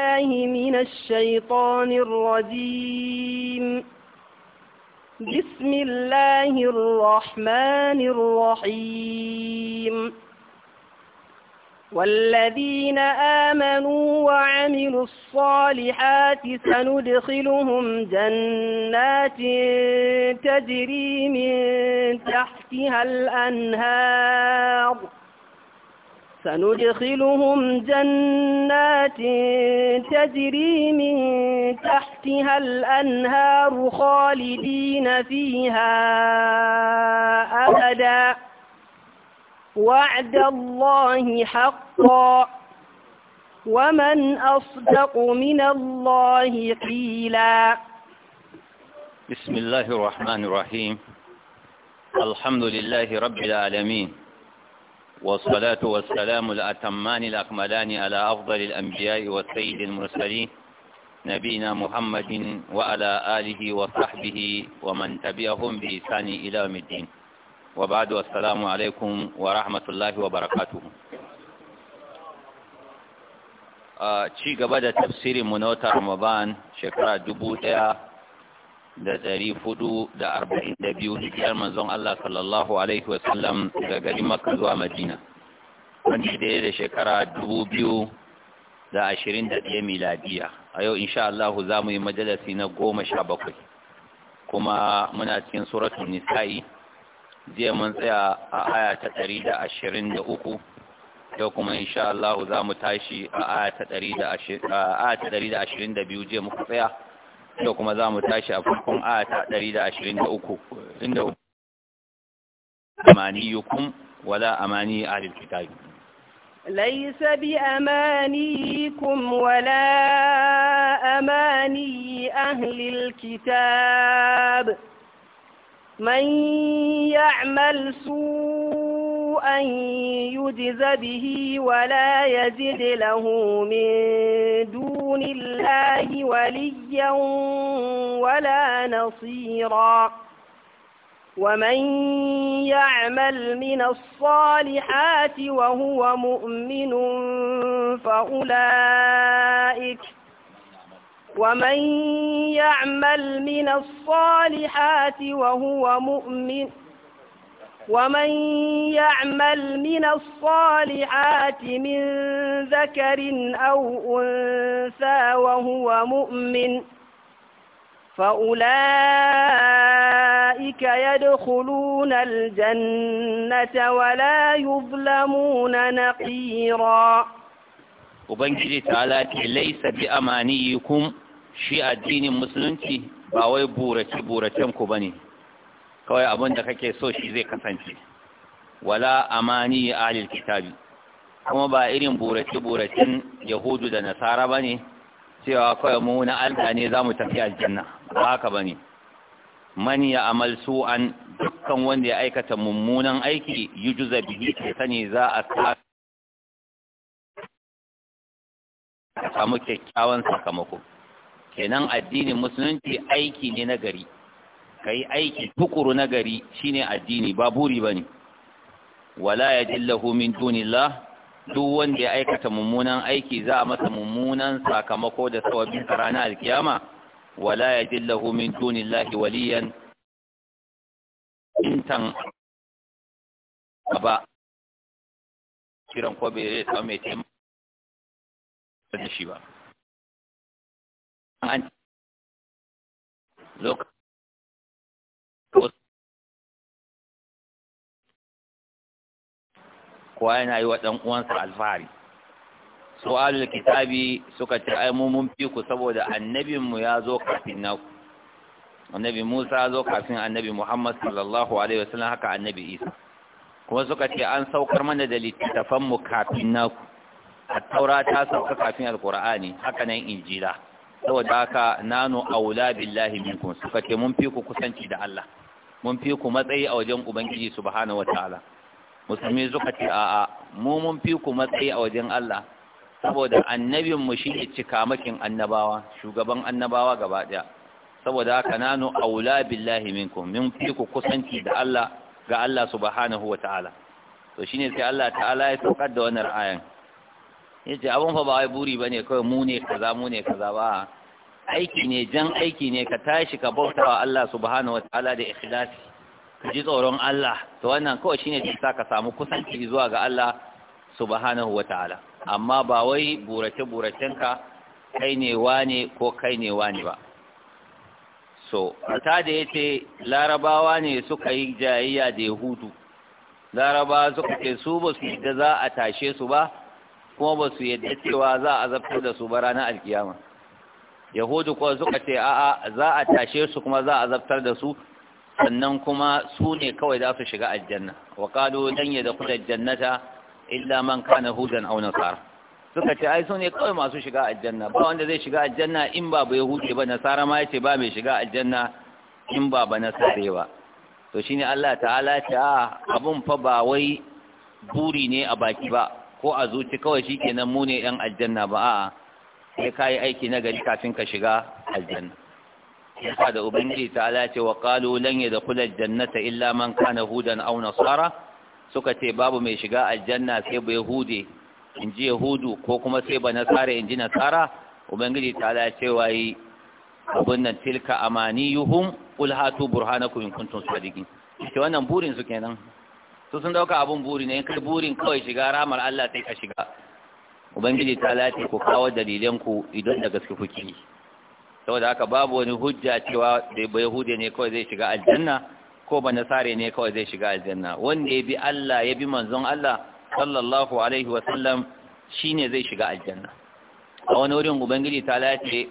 بالله من الشيطان الرجيم بسم الله الرحمن الرحيم والذين آمنوا وعملوا الصالحات سندخلهم جنات تجري من تحتها الأنهار سندخلهم جنات تجري من تحتها الأنهار خالدين فيها أبدا وعد الله حقا ومن أصدق من الله قيلا بسم الله الرحمن الرحيم الحمد لله رب العالمين والصلاة والسلام الأتمان الأكملان على أفضل الأنبياء والسيد المرسلين نبينا محمد وعلى آله وصحبه ومن تبعهم بإحسان إلى يوم الدين وبعد السلام عليكم ورحمة الله وبركاته ci gaba da tafsirin mu na watan Ramadan shekara dubu ɗaya da ɗari hudu da arba'in da biyu hijiyar manzon Allah sallallahu alaihi wasallam daga garin maka zuwa Madina Wani daya da shekara dubu biyu da ashirin da ɗaya miladiya a yau insha Allah za mu yi majalasi na goma sha bakwai kuma muna cikin suratun nisa'i jiya mun tsaya a aya ta ɗari da ashirin da uku yau kuma insha Allah za mu tashi a aya ta ɗari da ashirin da biyu jiya muka tsaya da kuma za mu tashi a farkon ayata 123 inda amaniyukum wala amani ahlul kitabi ليس بأمانيكم ولا أماني أهل الكتاب من يعمل سوءا يجز به ولا يجد له من دون دون الله وليا ولا نصيرا ومن يعمل من الصالحات وهو مؤمن فأولئك ومن يعمل من الصالحات وهو مؤمن ومن يعمل من الصالحات من ذكر أو أنثى وهو مؤمن فأولئك يدخلون الجنة ولا يظلمون نقيرا وبنجري تعالى ليس بأمانيكم شيء الدين المسلمين باوي بورة بورة تمكو بني kawai abin da kake so shi zai kasance wala amani alil kitabi kuma ba irin burace-buracen yahudu da nasara ba ne cewa kawai mu na Allah ne za mu tafi aljanna ba haka ba ne man ya amal su'an dukkan wanda ya aikata mummunan aiki yi juza bihi ke sani za a samu kyakkyawan sakamako kenan addinin musulunci aiki ne na gari ka yi aiki tukuru na gari ne addini ba buri ba ne wala ya jillahu min la? duk wanda ya aikata mummunan aiki za a masa mummunan sakamako da sawabin ranar alkiyama wala ya jillahu min dunillahi waliyan intan ba kiran ko bai zai mai taimaka da shi ba lokacin Kuwa yana yi wa ɗan'uwansa uwansa alfahari su'alul kitabi suka ce ai mu mun fi ku saboda annabinmu ya zo kafin naku annabi Musa ya zo kafin annabi Muhammad sallallahu alaihi wasallam haka annabi Isa kuma suka ce an saukar mana da littafanmu mu kafin naku at-taura ta sauka kafin alqur'ani haka nan injila saboda haka nanu aula billahi minkum suka ce mun fi ku kusanci da Allah mun fi ku matsayi a wajen ubangiji subhanahu wataala musulmi suka ce a'a mu mun fi ku matsayi a wajen Allah saboda annabin mu shine cikamakin annabawa shugaban annabawa gaba daya saboda haka nanu aula billahi minkum min fi ku kusanci da Allah ga Allah subhanahu wataala to shine sai Allah ta'ala ya saukar da wannan ayan yace abun fa ba wai buri bane kai mu ne kaza mu ne kaza ba aiki ne jan aiki ne ka tashi ka bautawa Allah subhanahu wataala da ikhlasi ka ji tsoron Allah to wannan kawai shine ke sa ka samu kusanci zuwa ga Allah subhanahu wataala amma ba wai burace buracenka kai ne wane ko kai ne wane ba so ta da yace larabawa ne suka yi jayayya da yahudu larabawa suka ce su ba su yadda za a tashe su ba kuma ba su yadda cewa za a zafi da su ba ranar alkiyama yahudu kuwa suka ce a'a za a tashe su kuma za a zaftar da su sannan kuma su ne kawai za su shiga aljanna wa ya lan yadkhul aljannata illa man kana hudan aw nasara suka ce ai su ne kawai masu shiga aljanna ba wanda zai shiga aljanna in ba bai hude ba nasara ma yace ba mai shiga aljanna in ba ba nasare ba to shine Allah ta'ala ce a abun fa ba wai buri ne a baki ba ko a zuci kawai shikenan mu ne yan aljanna ba a'a sai kai aiki na gari kafin ka shiga aljanna yasa da ubangiji ta'ala ce wa qalu lan yadkhula aljannata illa man kana hudan aw nasara suka ce babu mai shiga aljanna sai bai hude in inji yahudu ko kuma sai ba nasara inji nasara ubangiji ta ta'ala ce wayi abun nan tilka amaniyuhum qul hatu burhanakum in kuntum sadiqin ita wannan burin su kenan su sun dauka abun buri ne in kai burin kawai shiga ramar Allah sai ka shiga ubangiji ta lati ku kawo dalilan ku idan da gaske kuke saboda haka babu wani hujja cewa da yahudi ne kawai zai shiga aljanna ko ba nasare ne kawai zai shiga aljanna wanda ya bi Allah ya bi manzon Allah sallallahu alaihi wasallam shine zai shiga aljanna a wani wurin ubangiji ta lace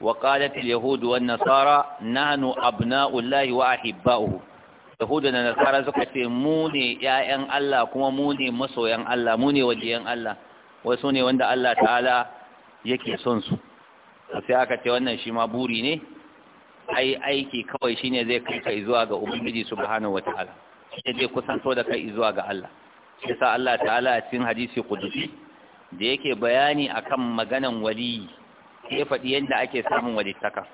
wa qalat al-yahud wa nasara nahnu abna'ullahi wa ahibba'uhu yahudu da nasara suka ce mu ne ƴaƴan Allah kuma mu ne masoyan Allah mu ne wajiyan Allah wasu ne wanda Allah ta'ala yake son su sai aka ce wannan shi ma buri ne ai aiki kawai shine zai kai ka zuwa ga ubangiji subhanahu wataala sai dai kusanto da kai zuwa ga Allah sai sa Allah ta'ala a cikin hadisi qudusi da yake bayani akan maganan wali Ke faɗi yadda ake samun taka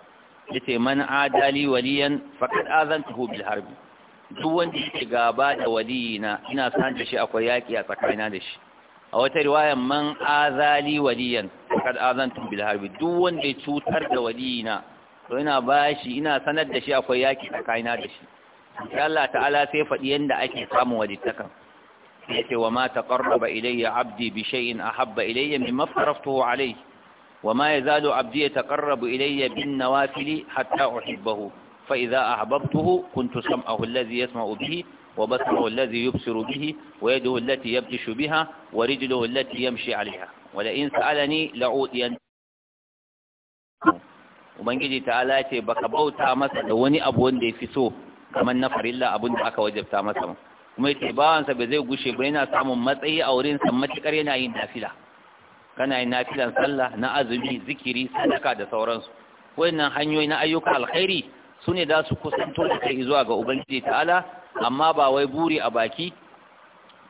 yace man adali waliyan faqad azantuhu bil harbi duk wanda yake gaba da na ina san da shi akwai yaki a tsakanina da shi a wata riwayar man azali waliyan kad azantum bil harbi duk wanda ya cutar da waliyina to ina bashi ina sanar da shi akwai yaki tsakanina da shi sai Allah ta'ala sai faɗi yanda ake samun walittakan yace wa ma taqarraba ilayya 'abdi bi shay'in ahabba ilayya mimma faraftuhu alayhi وما يزال عبدي يتقرب إلي بالنوافل حتى أحبه فإذا أحببته كنت سمعه الذي يسمع به وبصره الذي يبصر به ويده التي يبتش بها ورجله التي يمشي عليها ولئن سألني لأوتين Ubangiji ta'ala ce baka bauta masa da wani abu wanda ya fi so kamar na farilla abin da aka wajabta masa kuma yace bawansa bai zai gushe ba yana samun matsayi a wurin sa matukar yana yin nafila kana yin nafilan sallah na azumi zikiri sadaka da sauransu wayannan hanyoyi na ayyukan alkhairi sune da su kusanto da kai zuwa ga Ubangiji ta'ala amma ba wai buri a baki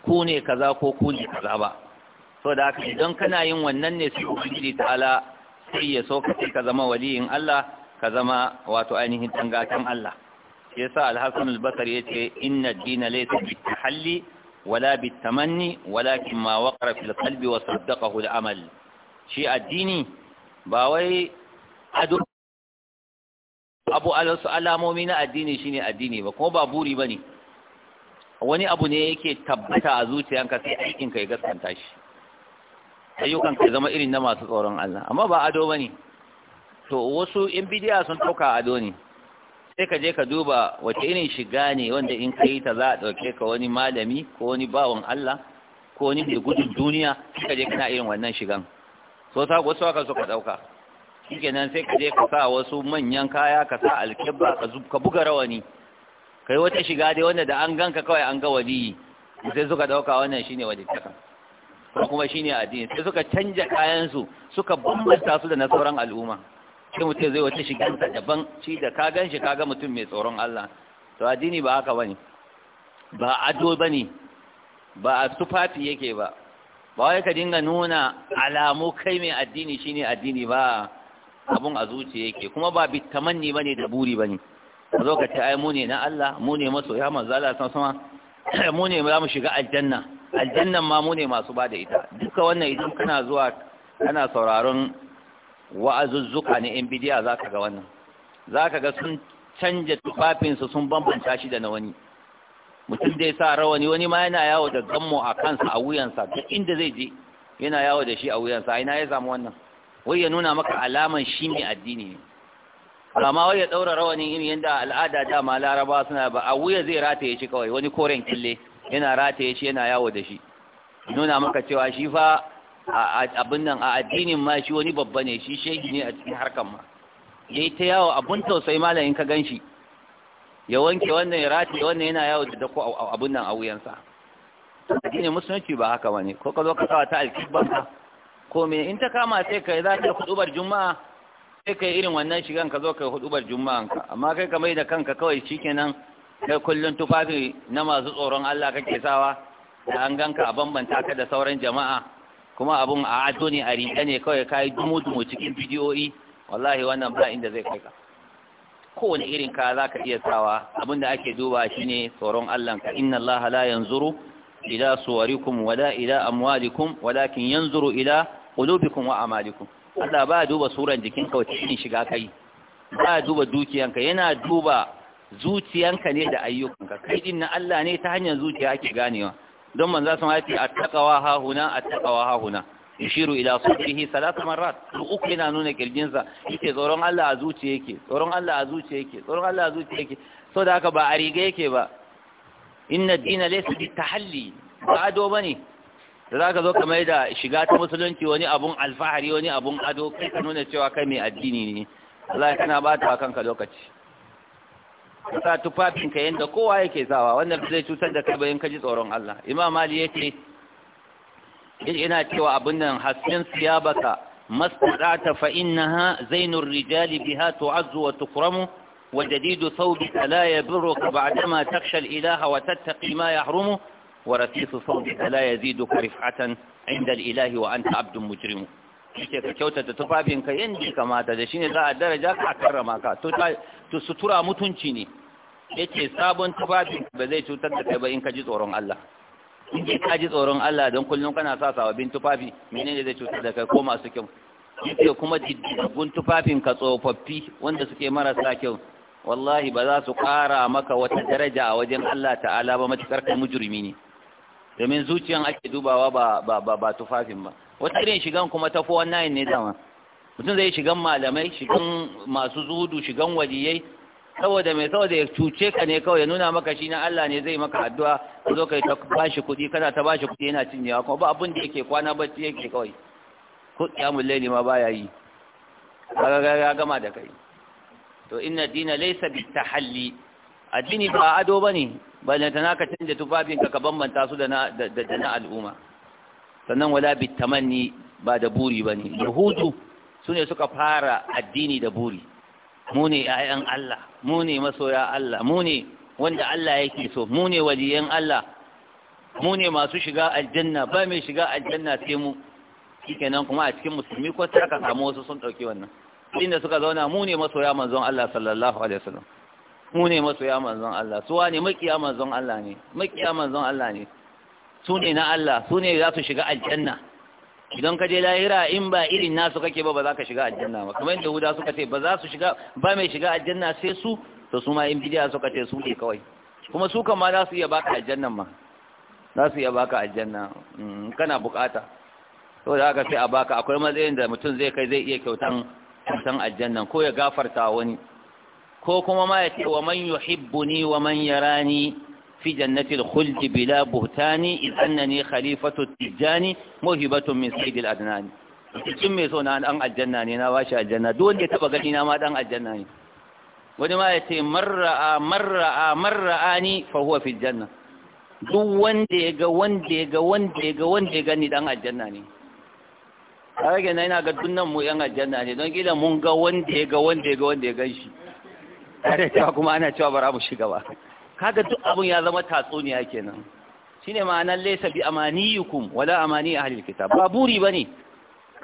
ku ne kaza ko ku ne kaza ba so da haka idan kana yin wannan ne sai ubangiji ala, sai ya so ka ka zama waliyin Allah ka zama wato ainihin tangatan Allah shi yasa al-Hasan al-Basri yace inna ad-dina laysa bit-tahalli wala bit-tamanni walakin ma waqara fil qalbi wa saddaqahu al-amal shi addini ba wai ado abu alasu alamomi na addini shine addini ba kuma ba buri bane wani abu ne yake tabbata a zuciyanka sai aikin ka ya gaskanta shi ayyukan ka zama irin na masu tsoron Allah amma ba ado bane to wasu in bidiya sun tauka ado ne sai ka je ka duba wace irin shiga ne wanda in ka ta za a dauke ka wani malami ko wani bawan Allah ko wani mai gudun duniya sai ka je kana irin wannan shigan so ta wasu aka so ka dauka shikenan sai ka je ka sa wasu manyan kaya ka sa alkibba ka buga rawani kai wata shiga dai wanda da an ganka kawai an ga waliyi sai suka dauka wannan shine taka ko kuma shine addini sai suka canja kayan su suka bambanta su da na sauran al'umma sai mutum zai wata ta daban shi da ka ganshi kaga mutum mai tsoron Allah to addini ba haka bane ba ado bane ba sufati yake ba ba wai ka dinga nuna alamu kai mai addini shine addini ba abun a zuciya yake kuma ba bitamanni bane da buri bane a zo ka ce ai mu ne na Allah mu ne ya manzo Allah san sama mu ne za mu shiga aljanna aljannan ma mu ne masu ba da ita duka wannan idan kana zuwa kana sauraron wa'azuzzuka ne in bidiya za ka ga wannan za ka ga sun canja tufafinsu sun bambanta shi da na wani mutum dai sa rawani wani ma yana yawo da gammo a kansa a wuyansa duk inda zai je yana yawo da shi a wuyansa ina ya samu wannan wai ya nuna maka alaman shi ne addini ne ba wai ya daura rawanin irin yanda al'ada dama laraba suna ba a wuya zai rataye shi kawai wani koren kille yana rataye shi yana yawo da shi nuna maka cewa shi fa abin nan a addinin ma shi wani babba ne shi shehi ne a cikin harkan ma yayi ta yawo abun tausayi malamin ka ganshi ya wanke wannan ya rataye wannan yana yawo da dako abun nan a wuyansa addinin musulunci ba haka bane ko ka zo ka kawo ta alkibba ko me in ta kama sai ka za ta kudubar juma'a sai kai irin wannan shigan ka zo kai hudubar juma'anka amma kai ka mai da kanka kawai shikenan kai kullun tufafi na masu tsoron Allah kake sawa da an ganka a bambanta ka da sauran jama'a kuma abun a ado ne a riƙe ne kawai kai dumu dumu cikin bidiyoyi wallahi wannan ba inda zai kai ka kowane irin ka za ka iya sawa abinda ake duba ne tsoron Allah ka inna Allah la yanzuru ila suwarikum wala ila amwalikum walakin yanzuru ila qulubikum wa amalikum Allah ba duba suran jikinka wace irin shiga kai ba duba dukiyanka yana duba zuciyanka ne da ayyukanka kai din na Allah ne ta hanyar zuciya ake ganewa don manzo sun haifi attaqawa ha huna attaqawa ha huna yushiru ila sufihi salat marrat uku yana nuna kirjinsa yake tsoron Allah a zuciya yake tsoron Allah a zuciya yake tsoron Allah a zuciya yake so da haka ba a riga yake ba inna ad-dina laysa bitahalli ba ado bane da za ka zo ka mai da shiga ta musulunci wani abun alfahari wani abun ado kai ka nuna cewa kai mai addini ne Allah kana bata ta kanka lokaci ka sa tufafinka yadda kowa yake sawa wannan zai cutar da kai bayan ka ji tsoron Allah imam mali yake ina cewa abin nan hasbin siyabaka masqata fa innaha zainur rijali biha tu'azzu wa tukramu wa jadidu thawbika la yadurruka ba'dama takhsha al-ilaha wa tattaqi ma yahrumu ورسيس صوتك لا يزيدك رفعة عند الإله وأنت عبد مجرم ce ka kyautata tufafinka yadda kamata da shi ne za a daraja ka karrama ka to sutura mutunci ne yace sabon tufafin ba zai cutar da kai ba in ka ji tsoron Allah in dai ka ji tsoron Allah don kullum kana sa sababbin tufafi menene zai cutar da kai ko masu kyau yace kuma diddigun tufafin ka tsofaffi wanda suke marasa kyau wallahi ba za su kara maka wata daraja a wajen Allah ta'ala ba matukar kai mujrimi ne domin zuciyan ake dubawa ba ba ba tufafin ba wata irin shigan kuma ta 419 ne dama mutum zai shigan malamai shigan masu zuhudu shigan waliyai saboda mai saboda ya cuce ka ne kawai ya nuna maka shi na Allah ne zai maka addu'a ka zo kai ta bashi kuɗi kana ta bashi kuɗi yana cinyewa kuma ba abin da yake kwana bacci yake kawai ko kiyamul laili ma baya yi kaga ya gama da kai to inna dina laysa bitahalli addini ba ado bane balantana ka canja tufafinka ka bambanta su da na al'umma sannan wala tamanni ba da buri ba yahudu su ne suka fara addini da buri mu ne ‘ya'yan Allah mu ne masoya Allah mu ne wanda Allah yake so mu ne waliyan Allah mu ne masu shiga aljanna ba mai shiga aljanna sai mu shikenan kuma a cikin musulmi ko sai aka samu wasu sun ɗauki wannan inda suka zauna mu ne masoya manzon Allah sallallahu alaihi wasallam mu ne masoya manzon Allah su wane makiya manzon Allah ne makiya manzon Allah ne su ne na Allah su ne za su shiga aljanna idan ka je lahira in ba irin nasu kake ba ba za ka shiga aljanna ba kamar yadda huda suka ce ba za su shiga ba mai shiga aljanna sai su to su ma in bidiya suka ce su ne kawai kuma su kan ma za su iya baka aljanna ma za su iya baka aljanna mm, kana bukata to da haka sai a baka akwai matsayin da mutum zai kai zai iya kyautan kyautan aljanna ko ya gafarta wani ko kuma ma ya ce wa man yuhibbuni wa man yarani fi jannatil khuldi bila buhtani id annani khalifatu tijani muhibatun min sayyidil adnani cikin mai so na dan aljanna ne na bashi aljanna duk wanda ya taba gani na ma dan aljanna ne wani ma ya ce marra'a marra'a marra'ani fa huwa fil janna duk wanda ya ga wanda ya ga wanda ya ga wanda ya gani dan aljanna ne a rage na yana ga dunnan mu yan aljanna ne don gida mun ga wanda ya ga wanda ya ga wanda ya gan shi tare cewa kuma ana cewa bara mu shiga ba kaga duk abun ya zama tatsuniya kenan shine ma'anar laysa bi amaniyukum wala amani ahli alkitab ba buri bane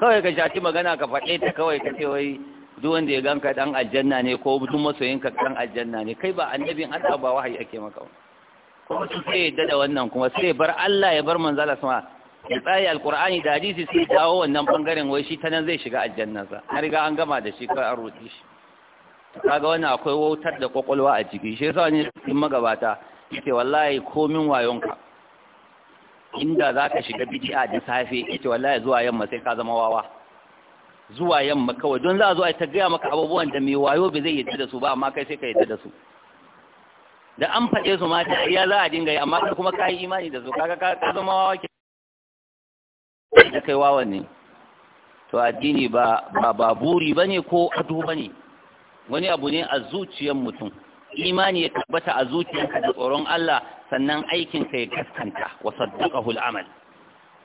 kawai ka shafi magana ka faɗe ta kawai ka ce wai duk wanda ya ganka dan aljanna ne ko duk masoyinka dan aljanna ne kai ba annabin Allah ba wahayi ake maka ba kuma su sai yadda da wannan kuma sai bar Allah ya bar zala sama ya tsaye alkur'ani da hadisi sai dawo wannan bangaren wai shi ta nan zai shiga aljannansa Na riga an gama da shi kawai an roƙe shi kaga wannan akwai wautar da kwakwalwa a ciki shi yasa ne cikin magabata yake wallahi komin wayonka inda za ka shiga bid'a da safe yake wallahi zuwa yamma sai ka zama wawa zuwa yamma kawai don za a zo a ta gaya maka abubuwan da mai wayo bai zai yadda da su ba amma kai sai ka yadda da su da an faɗe su ma ta iya za a dinga yi amma kai kuma ka yi imani da su kaga ka zama wawa ke kai wawan ne to addini ba ba buri bane ko ado bane wani abu ne a zuciyar mutum imani ya tabbata a zuciyarka da tsoron Allah sannan aikin ka ya gaskanta wa saddaqahu al-amal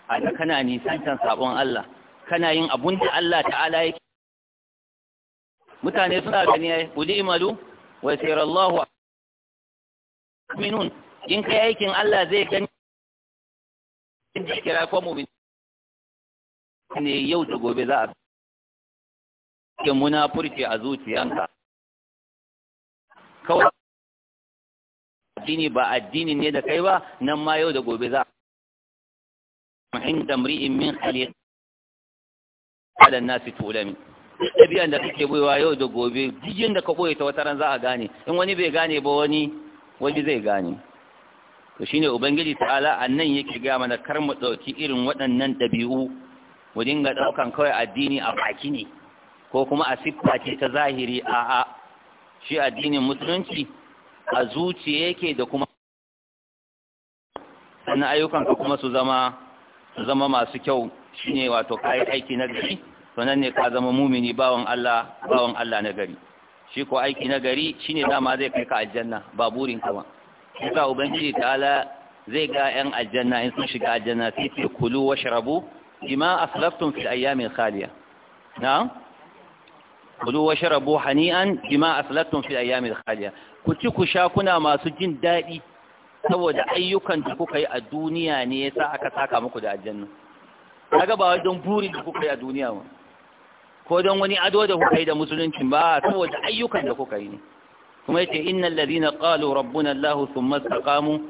ana kana nisantan sabon Allah kana yin abun da Allah ta'ala yake mutane suna gani ai qul imalu wa sayarallahu minun in kai aikin Allah zai gani in kira ko mu'min ne yau da gobe za a ke munafurci a zuciyanka kawai addini ba addini ne da kai ba nan ma yau da gobe za a da muri'in min khaliq da nasi tulami tabiyan da kake buwa yau da gobe jijin da ka boye ta wata za a gane in wani bai gane ba wani wani zai gane to shine ubangiji ta'ala a nan yake gaya mana kar mu ɗauki irin waɗannan ɗabi'u mu dinga ɗaukan kawai addini a baki ne ko kuma a siffa ce ta zahiri a'a shi addinin musulunci a zuciya yake da kuma sannan ayyukanka kuma su zama su zama masu kyau shine wato kai aiki na gari to nan ne ka zama mumini bawan Allah bawon Allah na gari shi ko aiki na gari shine dama zai kai ka aljanna ba burin ka ba yasa ubangiji ta'ala zai ga yan aljanna in sun shiga aljanna sai ce kulu washrabu bima aslaftum fi ayyamin khaliya na'am kudu wa sharabu hani'an bima aslattun fi ayyamil khaliya ku ci ku sha kuna masu jin daɗi saboda ayyukan da kuka yi a duniya ne yasa aka saka muku da aljanna kaga ba wai don burin da kuka yi a duniya ba ko don wani ado da kuka yi da musuluncin ba saboda ayyukan da kuka yi ne kuma yace innal ladina qalu rabbuna allah thumma istaqamu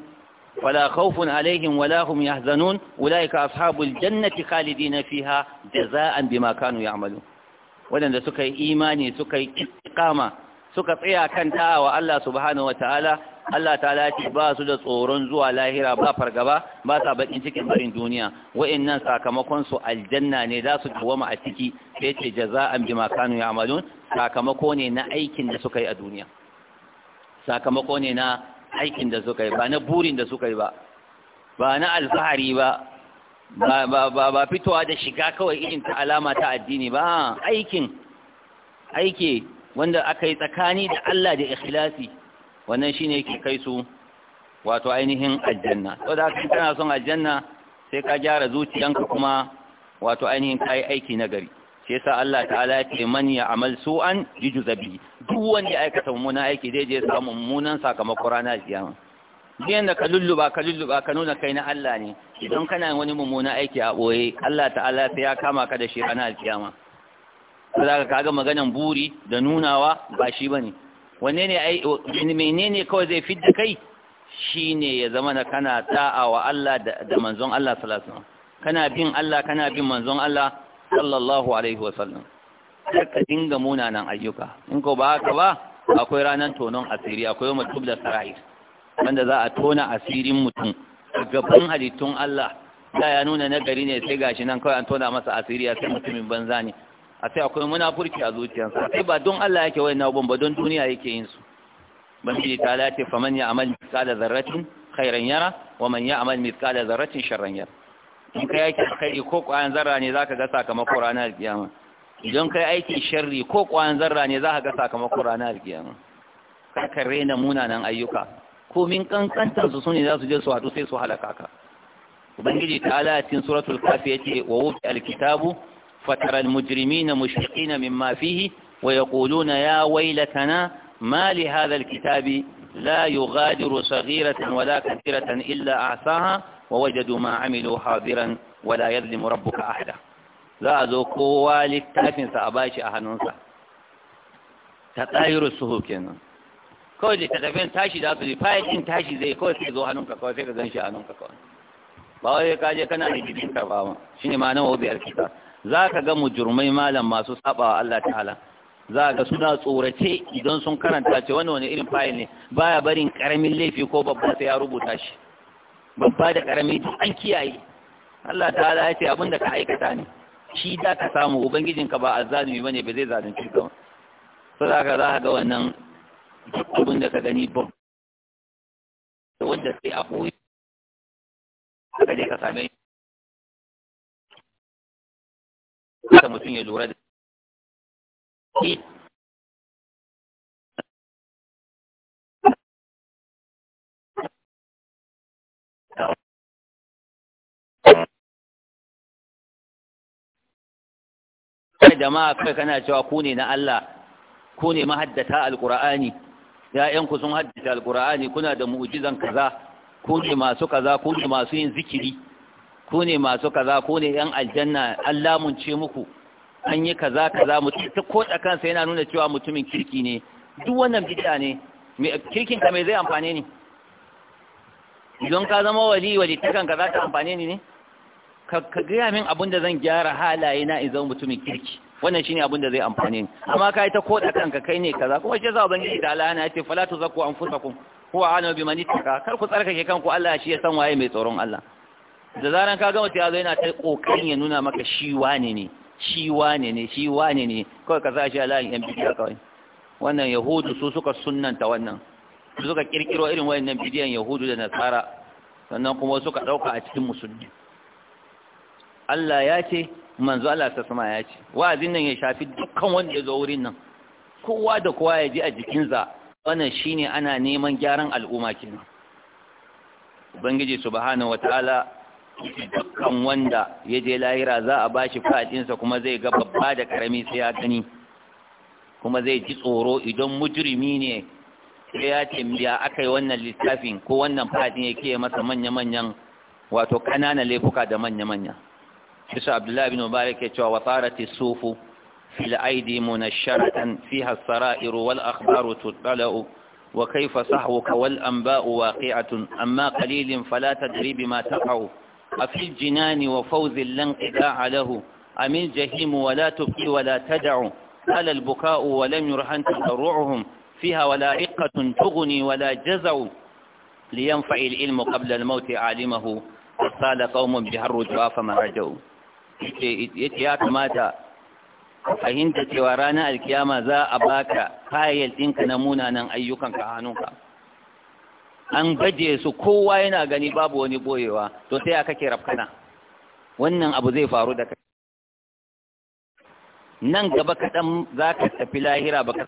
fala khawfun alaihim wala hum yahzanun ulaika ashabul jannati khalidina fiha jazaan bima kanu ya'malun waɗanda suka yi imani suka yi kama, suka tsaya kan ta'awa Allah subhanahu wataala Allah ta'ala ce ba su da tsoron zuwa lahira ba fargaba ba sa bakin cikin barin duniya wa'annan sakamakon su aljanna ne za su dawama a ciki sai ce jaza'an bima kanu ya'malun sakamako ne na aikin da suka yi a duniya sakamako ne na aikin da suka yi ba na burin da suka yi ba ba na alfahari ba ba fitowa da shiga kawai irin ta alama ta addini ba aikin aiki wanda aka yi tsakani da Allah da ikhlasi wannan shine yake kai su wato ainihin aljanna saboda haka kana son aljanna sai ka gyara zuciyanka kuma wato ainihin kai aiki nagari shi yasa Allah ta'ala ya ce man amal su'an yujza duk wanda ya aikata mummunan aiki zai je samu mummunan sakamakon ranar kiyama biyan da ka lulluba ka lulluba ka nuna kai na Allah ne idan kana wani mummuna aiki a ɓoye Allah ta'ala sai ya kama ka da shi ana alkiyama za ka kaga maganan buri da nunawa ba shi ba ne wanne ne menene kawai zai fidda kai shi ne ya zama na kana ta'a wa Allah da manzon Allah sallallahu alaihi kana bin Allah kana bin manzon Allah sallallahu alaihi wasallam ka dinga munanan ayyuka in ko ba haka ba akwai ranar tonon asiri akwai mutum da sarai wanda za a tona asirin mutum gaban halittun Allah ta ya nuna nagari ne sai gashi nan kawai an tona masa asiri a sai mutumin banza ne a sai akwai furki a zuciyarsa sai ba don Allah yake wani abubuwan ba don duniya yake yin su banji ta lati faman ya amal mithqala zarratin khairan yara wa man ya amal mithqala zarratin sharran yara in kai aiki kai ko kwayan zarra ne zaka ga sakamakon ranar alkiyama idan kai aiki sharri ko kwayan zarra ne zaka ga sakamakon ranar alkiyama kar ka rena munanan ayyuka komin kankantar su sune za su je su hadu sai su halaka ka ubangiji ta'ala cikin suratul kafi yace wa wufi alkitabu fatara almujrimina mushfiqina mimma fihi wa yaquluna ya waylatana ma li hadha alkitabi la yughadiru saghiratan wala kathiratan illa ahsaha wa wajadu ma amilu hadiran wala yadhlimu rabbuka ahada za a zo kowa littafinsa a bashi a hannunsa ta tsayiru suhu kenan kawai littattafin tashi za su yi fayil ɗin tashi zai kawai sai zo hannunka kawai sai ka gan shi hannunka kawai ba wai ka je kana da jikin karɓa ma shi ne ma'anar wabi arkita za ka ga mujurmai malam masu sabawa Allah ta'ala za ga suna tsorace idan sun karanta ce wani wani irin fayil ne baya barin karamin laifi ko babba sai ya rubuta shi babba da karami duk an kiyaye Allah ta'ala ya ce abin da ka aikata ne shi da ka samu ubangijinka ba azzalumi bane ba zai zalunci ka ba saboda ka za ka ga wannan duk abin da ka gani bom da wanda sai a koyi haka dai ka same haka mutum ya lura da shi jama'a kai kana cewa ku ne na Allah ku ne mahaddata al-Qur'ani ya'yanku sun haddace alkur'ani kuna da mu'jizan kaza ku ne masu kaza ku ne masu yin zikiri ku ne masu kaza ku ne yan aljanna Allah mun ce muku an yi kaza kaza mutum ta koda kansa yana nuna cewa mutumin kirki ne duk wannan bid'a ne kirkin ka mai zai amfane ni idan ka zama wali wali ta kanka za ta amfane ni ne ka gaya min abin da zan gyara halaye na in zama mutumin kirki wannan shine abin da zai amfane amma kai ta koda kanka kai ne kaza kuma shi yasa ubangiji da Allah ya ce fala tuzakku anfusakum huwa a'lamu biman ittaka kar ku tsarkake kanku Allah shi ya san waye mai tsoron Allah da zaran ka ga mutum ya zo yana ta kokarin ya nuna maka shi wane ne shi wane ne shi wane ne kawai ka sa shi Allah yan bidiya kawai wannan yahudu su suka sunnanta wannan su suka kirkiro irin wayannan bidiyan yahudu da nasara sannan kuma suka dauka a cikin musulmi Allah ya ce manzo Allah ta sama ya ce wa'azin nan ya shafi dukkan wanda ya zo wurin nan kowa da kowa ya ji a jikin jikinsa wannan shine ana neman gyaran al'umma kenan ubangiji subhanahu wataala dukkan wanda ya je lahira za a bashi fadinsa kuma zai ga babba da karami sai ya gani kuma zai ji tsoro idan mujrimi ne sai ya ce aka yi wannan littafin ko wannan fadin yake masa manya-manyan wato ƙanana laifuka da manya-manya حسو عبد الله بن مبارك وطارت الصوف في الأيدي منشرة فيها السرائر والأخبار تتبلأ وكيف صحوك والأنباء واقعة أما قليل فلا تدري بما تقع أفي الجنان وفوز لنقداع له أم الجهيم ولا تبكي ولا تدع قال البكاء ولم يرهن تضرعهم فيها ولا عقة تغني ولا جزع لينفع العلم قبل الموت عالمه وصال قوم بها الرجوع فما رجوه yace ya kamata fahimta cewa ranar alkiyama za a baka kayan ɗinka na munanan ayyukanka hannunka an baje su kowa yana gani babu wani boyewa to sai aka ke rafkana wannan abu zai faru da kai nan gaba kaɗan za ka tafi lahira baka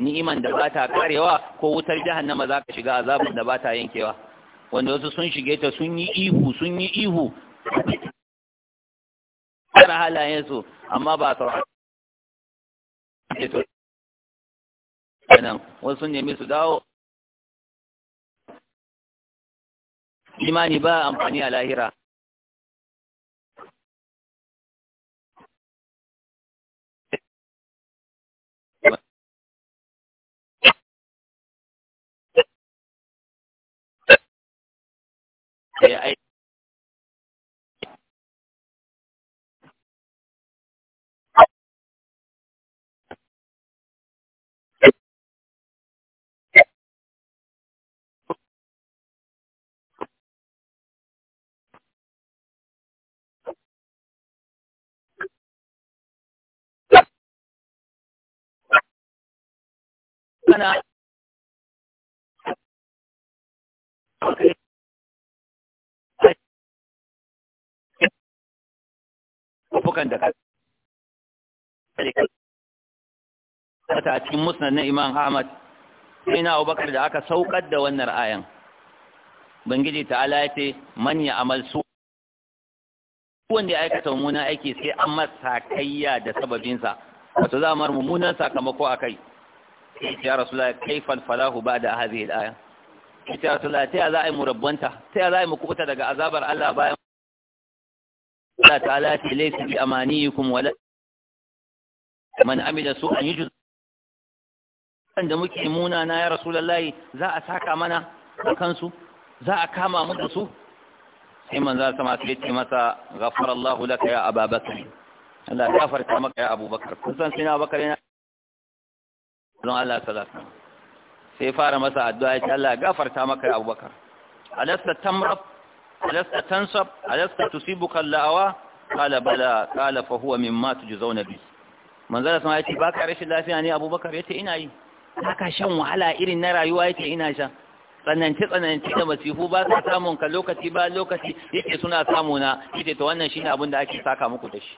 ni'iman da ba karewa ko wutar jahannama za ka shiga azabin da ba yankewa wanda wasu sun shige ta sun yi ihu sun yi ihu ana halayensu amma ba saurari wasu nemi su dawo imani ba amfani a lahira ya aiki magana da cikin na Imam Ahmad sai Abubakar da aka saukar da wannan ayan Bangiji ta'ala ya ce amal su wanda ya aikata mummunan aiki sai an masa kayya da sababinsa wato za a mar mummunan sakamako a kai ya rasulullah kaifal falahu ba da al ɗaya. ya rasulullah ta za a yi mu ta? ta za a yi mu kubuta daga azabar Allah bayan Allah ta'ala ce laysa bi amaniyikum wala man an yi yujza da muke muna na ya rasulullah za a saka mana a kansu? za a kama mu da su sai za sama sai ce masa ghafara Allah laka ya Abubakar Allah ya farka maka ya Abubakar kun san Abubakar yana don Allah salasa sai fara masa addu'a ya ce Allah gafarta maka ya abubakar alasta tamrab alasta tansab alasta tusibuka la'awa kala bala kala fa huwa mimma tujzauna bi manzala sama ba ka rashin lafiya ne abubakar ce ina yi baka shan wahala irin na rayuwa ce ina sha tsananci tsananci da masifu ba su samun ka lokaci ba lokaci yace suna samu na yace wannan wannan ne abin da ake saka muku da shi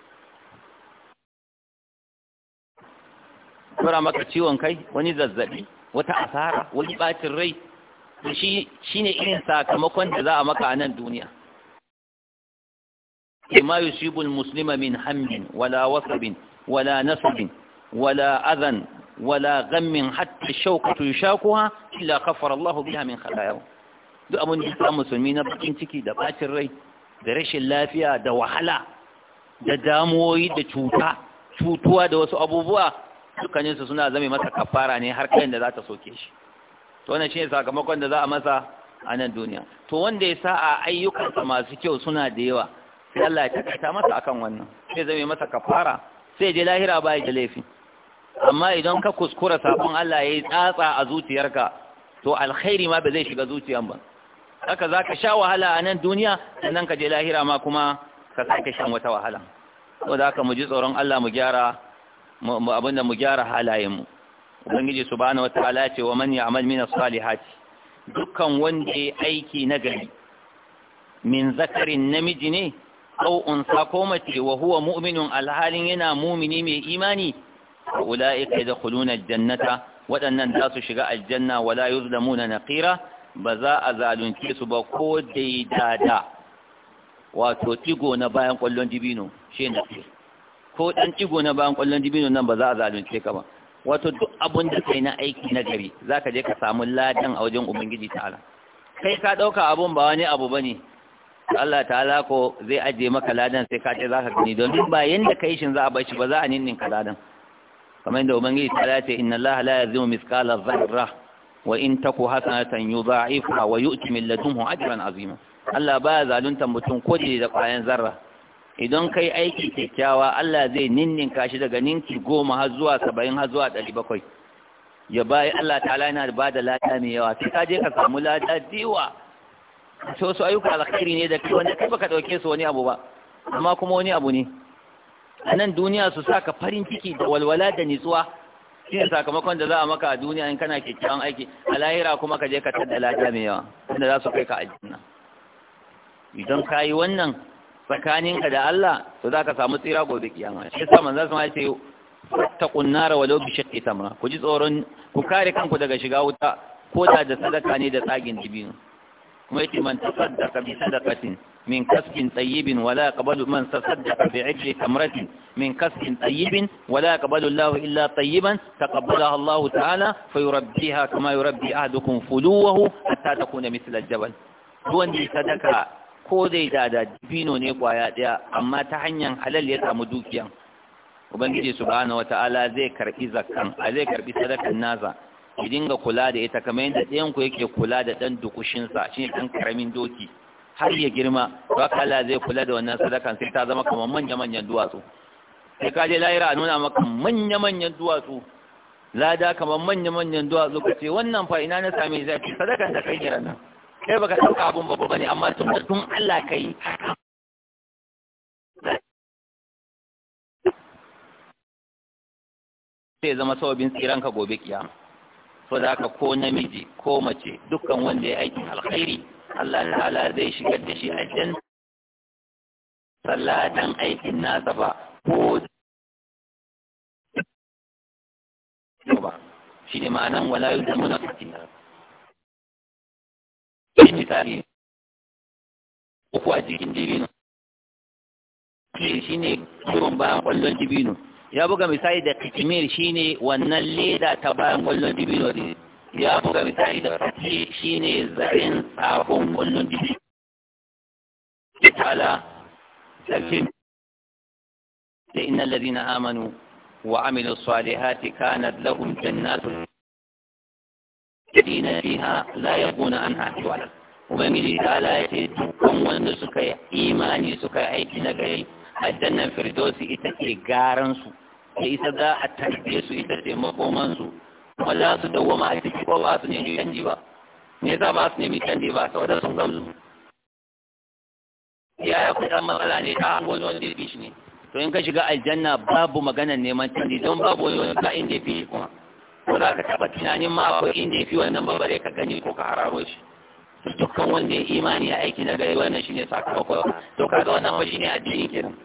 tura maka ciwon kai wani zazzabi wata asara wani bacin rai shi ne irin sakamakon da za a maka a nan duniya ma yusibul muslima min hammin wala wasabin wala nasabin wala azan wala ghammin hatta shawqatu yushakuha illa ghafara Allah biha min khatayahu duk abin da musulmi na bakin ciki da bacin rai da rashin lafiya da wahala da damuwoyi da cuta cutuwa da wasu abubuwa dukkaninsu suna zame masa kafara ne har kayan da za ta soke shi to wannan shine sakamakon da za a masa a nan duniya to wanda ya sa a ayyukansa masu kyau suna da yawa sai Allah ya takaita masa akan wannan sai zame masa kafara sai je lahira ba ya da laifi amma idan ka kuskura sabon Allah ya yi tsatsa a zuciyarka to alkhairi ma ba zai shiga zuciyan ba haka zaka sha wahala a nan duniya sannan ka je lahira ma kuma ka sake shan wata wahala saboda haka mu ji tsoron Allah mu gyara abin da mu gyara halayenmu ubangiji bani wata ce wa man ya'mal min as-salihati dukkan wanda ya aiki na gari min zakarin namiji ne aw unsa ko mace wa huwa mu'minun alhalin yana mu'mini mai imani ulaika yadkhuluna al-jannata waɗannan za su shiga aljanna wala yuzlamuna naqira ba za a zalunce su ba ko dai-dada, wato tigo na bayan kwallon dibino shi ne ko dan cigo na bayan ƙwallon dibino nan ba za a zalunce ka ba wato duk abun da kai na aiki na gari zaka je ka samu ladan a wajen ubangiji ta'ala kai ka ɗauka abun ba wani abu bane. Allah ta'ala ko zai ajiye maka ladan sai ka ce za ka gani domin ba yanda kai shin za a bar shi ba za a ninnin ka ladan kamar yadda ubangiji ta'ala ce inna Allah la yazimu miskala dharra wa in taku hasanatan yudha'ifha wa yu'ti min ladunhu ajran azima Allah baya zalunta mutum ko da kwayan zarra idan kai aiki kyakkyawa Allah zai ninninka shi daga ninki goma har zuwa saba'in har zuwa ɗari bakwai ya bayi Allah ta'ala yana ba da lada mai yawa sai ka je ka samu lada diwa so su ayyuka alkhairi ne da kai wanda kai baka ɗauke su wani abu ba amma kuma wani abu ne a nan duniya su saka farin ciki da walwala da nitsuwa ne sakamakon da za a maka a duniya in kana kyakkyawan aiki a lahira kuma ka je ka tada lada mai yawa wanda za su kai ka aljanna idan ka yi wannan tsakaninka da Allah to za ka samu tsira gobe kiyama shi yasa manzo sama ya ce fattaqun nar walau bi shaqqi tamra ku ji tsoron ku kare kanku daga shiga wuta ko da da sadaka ne da tsagin dibino kuma yace man tasaddaqa bi sadaqatin min kasbin tayyibin wala yaqbalu man tasaddaqa bi 'ajli tamratin min kasbin tayyibin wala yaqbalu Allahu illa tayyiban taqabbalaha Allahu ta'ala fayurabbiha kama yurabbi ahadukum fuluwahu hatta takuna mithla al-jabal duwan sadaka ko dai da da dibino ne kwaya ɗaya amma ta hanyar halal ya samu dukiyan ubangiji subhanahu wata'ala zai karbi zakkan a zai karbi sadakan nasa ki dinga kula da ita kamar yadda ɗayan ku yake kula da ɗan sa shine ɗan karamin doki har ya girma to Allah zai kula da wannan sadakan sai ta zama kamar manya-manyan duwatsu sai ka je lahira a nuna maka manya-manyan duwatsu lada kamar manya-manyan duwatsu ku ce wannan fa ina na same zai sadakan da kai kiran nan kai baka ɗauka abun babu bane amma tun da tun Allah ka yi sai zama sababin tsiranka gobe kiyama so da haka ko namiji ko mace dukkan wanda ya aikin alkhairi Allah ta'ala zai shigar da shi a jan sallatan aikin nasa ba ko ba shi ne ma'anan wala yuzamuna fatina sai misali uku a jikin dibino shi ne turon bayan kwallon dibino ya buga misali da kikimir shi ne wannan leda ta bayan kwallon dibino ne ya buga misali da fatli shi ne zarin tsafon kwallon dibino ta'ala sarkin da inna ladina amanu wa amilu salihati yadina fiha la yakuna anha hiwala ubangiji ta la yace dukkan wanda suka yi imani suka yi aiki na gari aljannan firdausi ita ce garan su da ita za a tarbe su ita ce makoman su kuma za su dawwama a ciki ko ba su nemi canji ba me za ba su nemi canji ba saboda sun gamsu ya kuɗa matsala ne ta wani wanda ya ne to in ka shiga aljanna babu maganar neman canji don babu wani wani ka'in da ya fi kuma ko za ka taɓa tunanin ma akwai inda yafi fi wannan babare ka gani ko ka hararo shi dukkan wanda ya imani ya aiki na gari wannan shine sakamako to kaga wannan ba shine addini kenan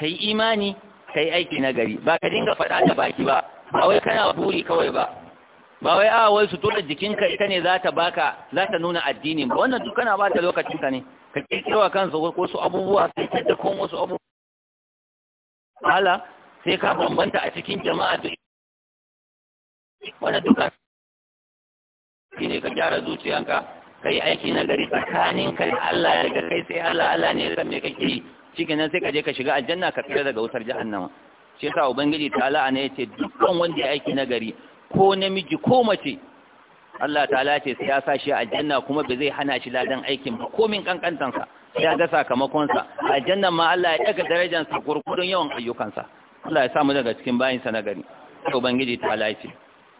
kai imani kai aiki na gari ba ka dinga faɗa da baki ba ba wai kana buri kawai ba ba wai a ah, wai su tura jikinka ita ne za ta baka za ta nuna addinin ba wannan duk kana ba ta lokacin ka ne ka kirkiro kansa wasu abubuwa sai ta da kuma wasu abubuwa hala sai ka bambanta a cikin jama'a duk Wani duka shi ne ka gyara zuciyanka ka yi aiki na gari tsakanin kai Allah ya kai sai Allah Allah ne ya san kake yi cikin nan sai ka je ka shiga aljanna ka tsira daga wutar jahannama shi yasa ubangiji ta'ala ne yace dukkan wanda ya aiki na gari ko namiji ko mace Allah ta'ala ce sai ya sa shi aljanna kuma ba zai hana shi ladan aikin ba komin kankantansa ya ga sakamakonsa aljanna ma Allah ya daga darajarsa gurgurun yawan ayyukansa Allah ya samu daga cikin bayinsa na gari ubangiji ta'ala ce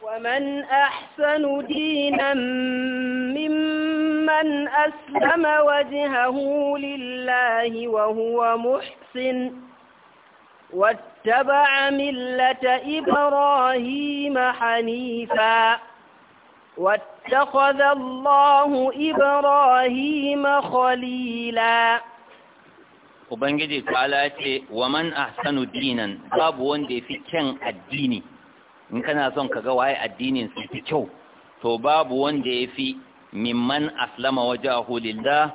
ومن أحسن دينا ممن أسلم وجهه لله وهو محسن واتبع ملة إبراهيم حنيفا واتخذ الله إبراهيم خليلا Ubangiji ta ce, wa man ahsanu dinan babu wanda ya fi kyan addini in kana son ka ga waye addinin su fi kyau to babu wanda ya fi mimman aslama wajahu lillah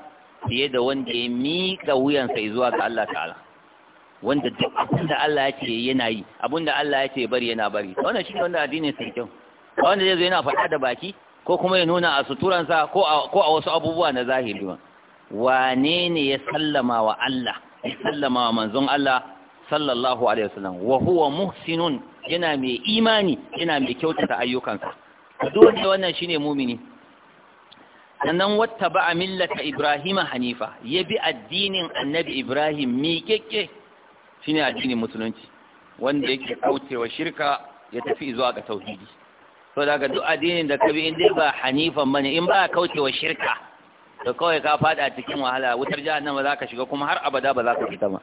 fiye da wanda ya miƙa wuyansa zuwa ga Allah ta'ala wanda duk da Allah ya ce yana yi da Allah ya ce bari yana bari wannan shi wanda addinin su kyau wanda zai zo yana faɗa da baki ko kuma ya nuna a suturansa ko a wasu abubuwa na zahiri wane ne ya sallama wa Allah ya sallama wa manzon Allah sallallahu alaihi wasallam wa huwa muhsinun yana mai imani yana mai kyautata ayyukansa dole wannan shine mumini sannan wata ba'a millata Ibrahim Hanifa ya bi addinin Annabi Ibrahim miƙeƙe shine addinin musulunci wanda yake kaucewa shirka ya tafi zuwa ga tauhidi To daga duk addinin da ka bi in dai ba Hanifan bane in ba kaucewa shirka to kawai ka fada cikin wahala wutar jahannama zaka shiga kuma har abada ba za ka fita ba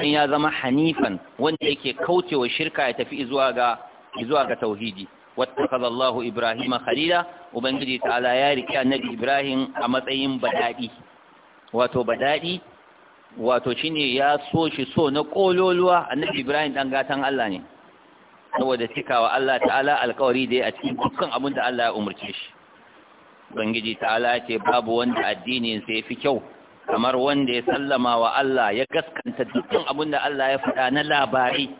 in ya zama hanifan wanda yake kaucewa shirka ya tafi zuwa ga zuwa ga tauhidi wattakaza Allahu Ibrahim khalila ubangiji ta'ala ya rike annabi Ibrahim a matsayin badadi wato badadi wato shine ya so shi so na kololuwa annabi Ibrahim dan gatan Allah ne saboda cikawa Allah ta'ala alƙawari da ya a cikin dukkan abin da Allah ya umarce shi ubangiji ta'ala ce babu wanda addinin sa yafi kyau kamar wanda ya sallama wa Allah ya gaskanta dukkan abin da Allah ya faɗa na labari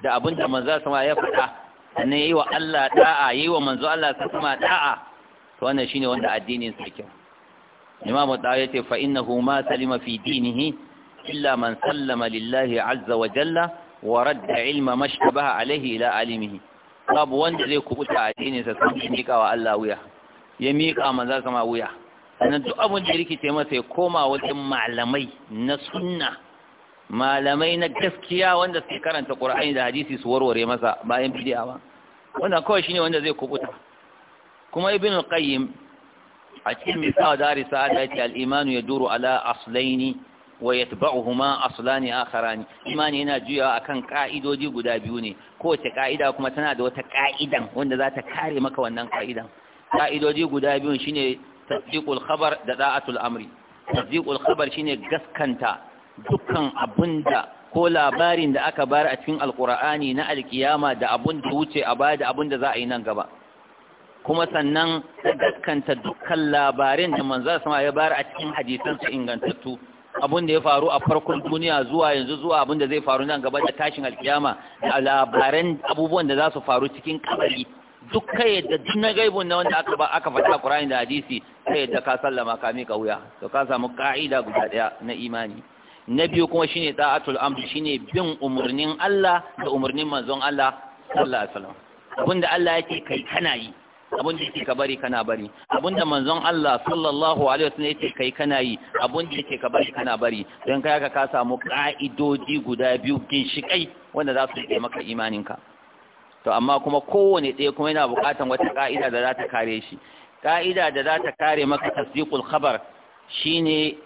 da abin da manzo sama ya faɗa sannan yi wa Allah da'a yi wa manzo Allah sama da'a to wannan shine wanda addinin sa kyau imamu da ya ce fa innahu ma salima fi dinihi illa man sallama lillahi azza wa jalla wa radda ilma mashtabaha alaihi ila alimihi babu wanda zai kubuta addinin sa sun miƙa wa Allah wuya ya miƙa manzo sama wuya sannan duk abin da rikice masa ya koma wajen malamai na sunna malamai na gaskiya wanda suke karanta ƙur'ani da hadisi su warware masa bayan bidiya ba wannan kawai shine wanda zai kubuta kuma ibn al a cikin misal da risala da ce al-imanu yaduru ala aslaini wa yatba'uhuma aslani akharani imani yana juya akan ka'idoji guda biyu ne kowace ka'ida kuma tana da wata ka'idan wanda za ta kare maka wannan ka'idan ka'idoji guda biyun shine tasdiqul khabar da da'atul amri tasdiqul khabar shine gaskanta dukkan abinda ko labarin da aka bar a cikin alqur'ani na alkiyama da abun wuce a baya da abun za a yi nan gaba kuma sannan gaskanta dukkan labarin da manzo sama ya bar a cikin hadisan su ingantattu abun ya faru a farkon duniya zuwa yanzu zuwa abun zai faru nan gaba da tashin alkiyama da labaran abubuwan da za su faru cikin kabari duk kai da duk na gaibun na wanda aka aka faɗa Qur'ani da hadisi sai da ka sallama ka mika wuya to ka samu ka'ida guda daya na imani na biyu kuma shine da'atul amr shine bin umurnin Allah da umurnin manzon Allah sallallahu alaihi wasallam abinda Allah yake kai kana yi abinda yake ka bari kana bari abinda manzon Allah sallallahu alaihi wasallam yake kai kana yi abinda yake ka bari kana bari dan kai ka samu ka'idoji guda biyu kai wanda za su yi maka imaninka to amma kuma kowane ɗaya kuma yana buƙatan wata ƙa'ida da za ta kare shi ƙa'ida da za ta kare maka tasdiqul khabar shine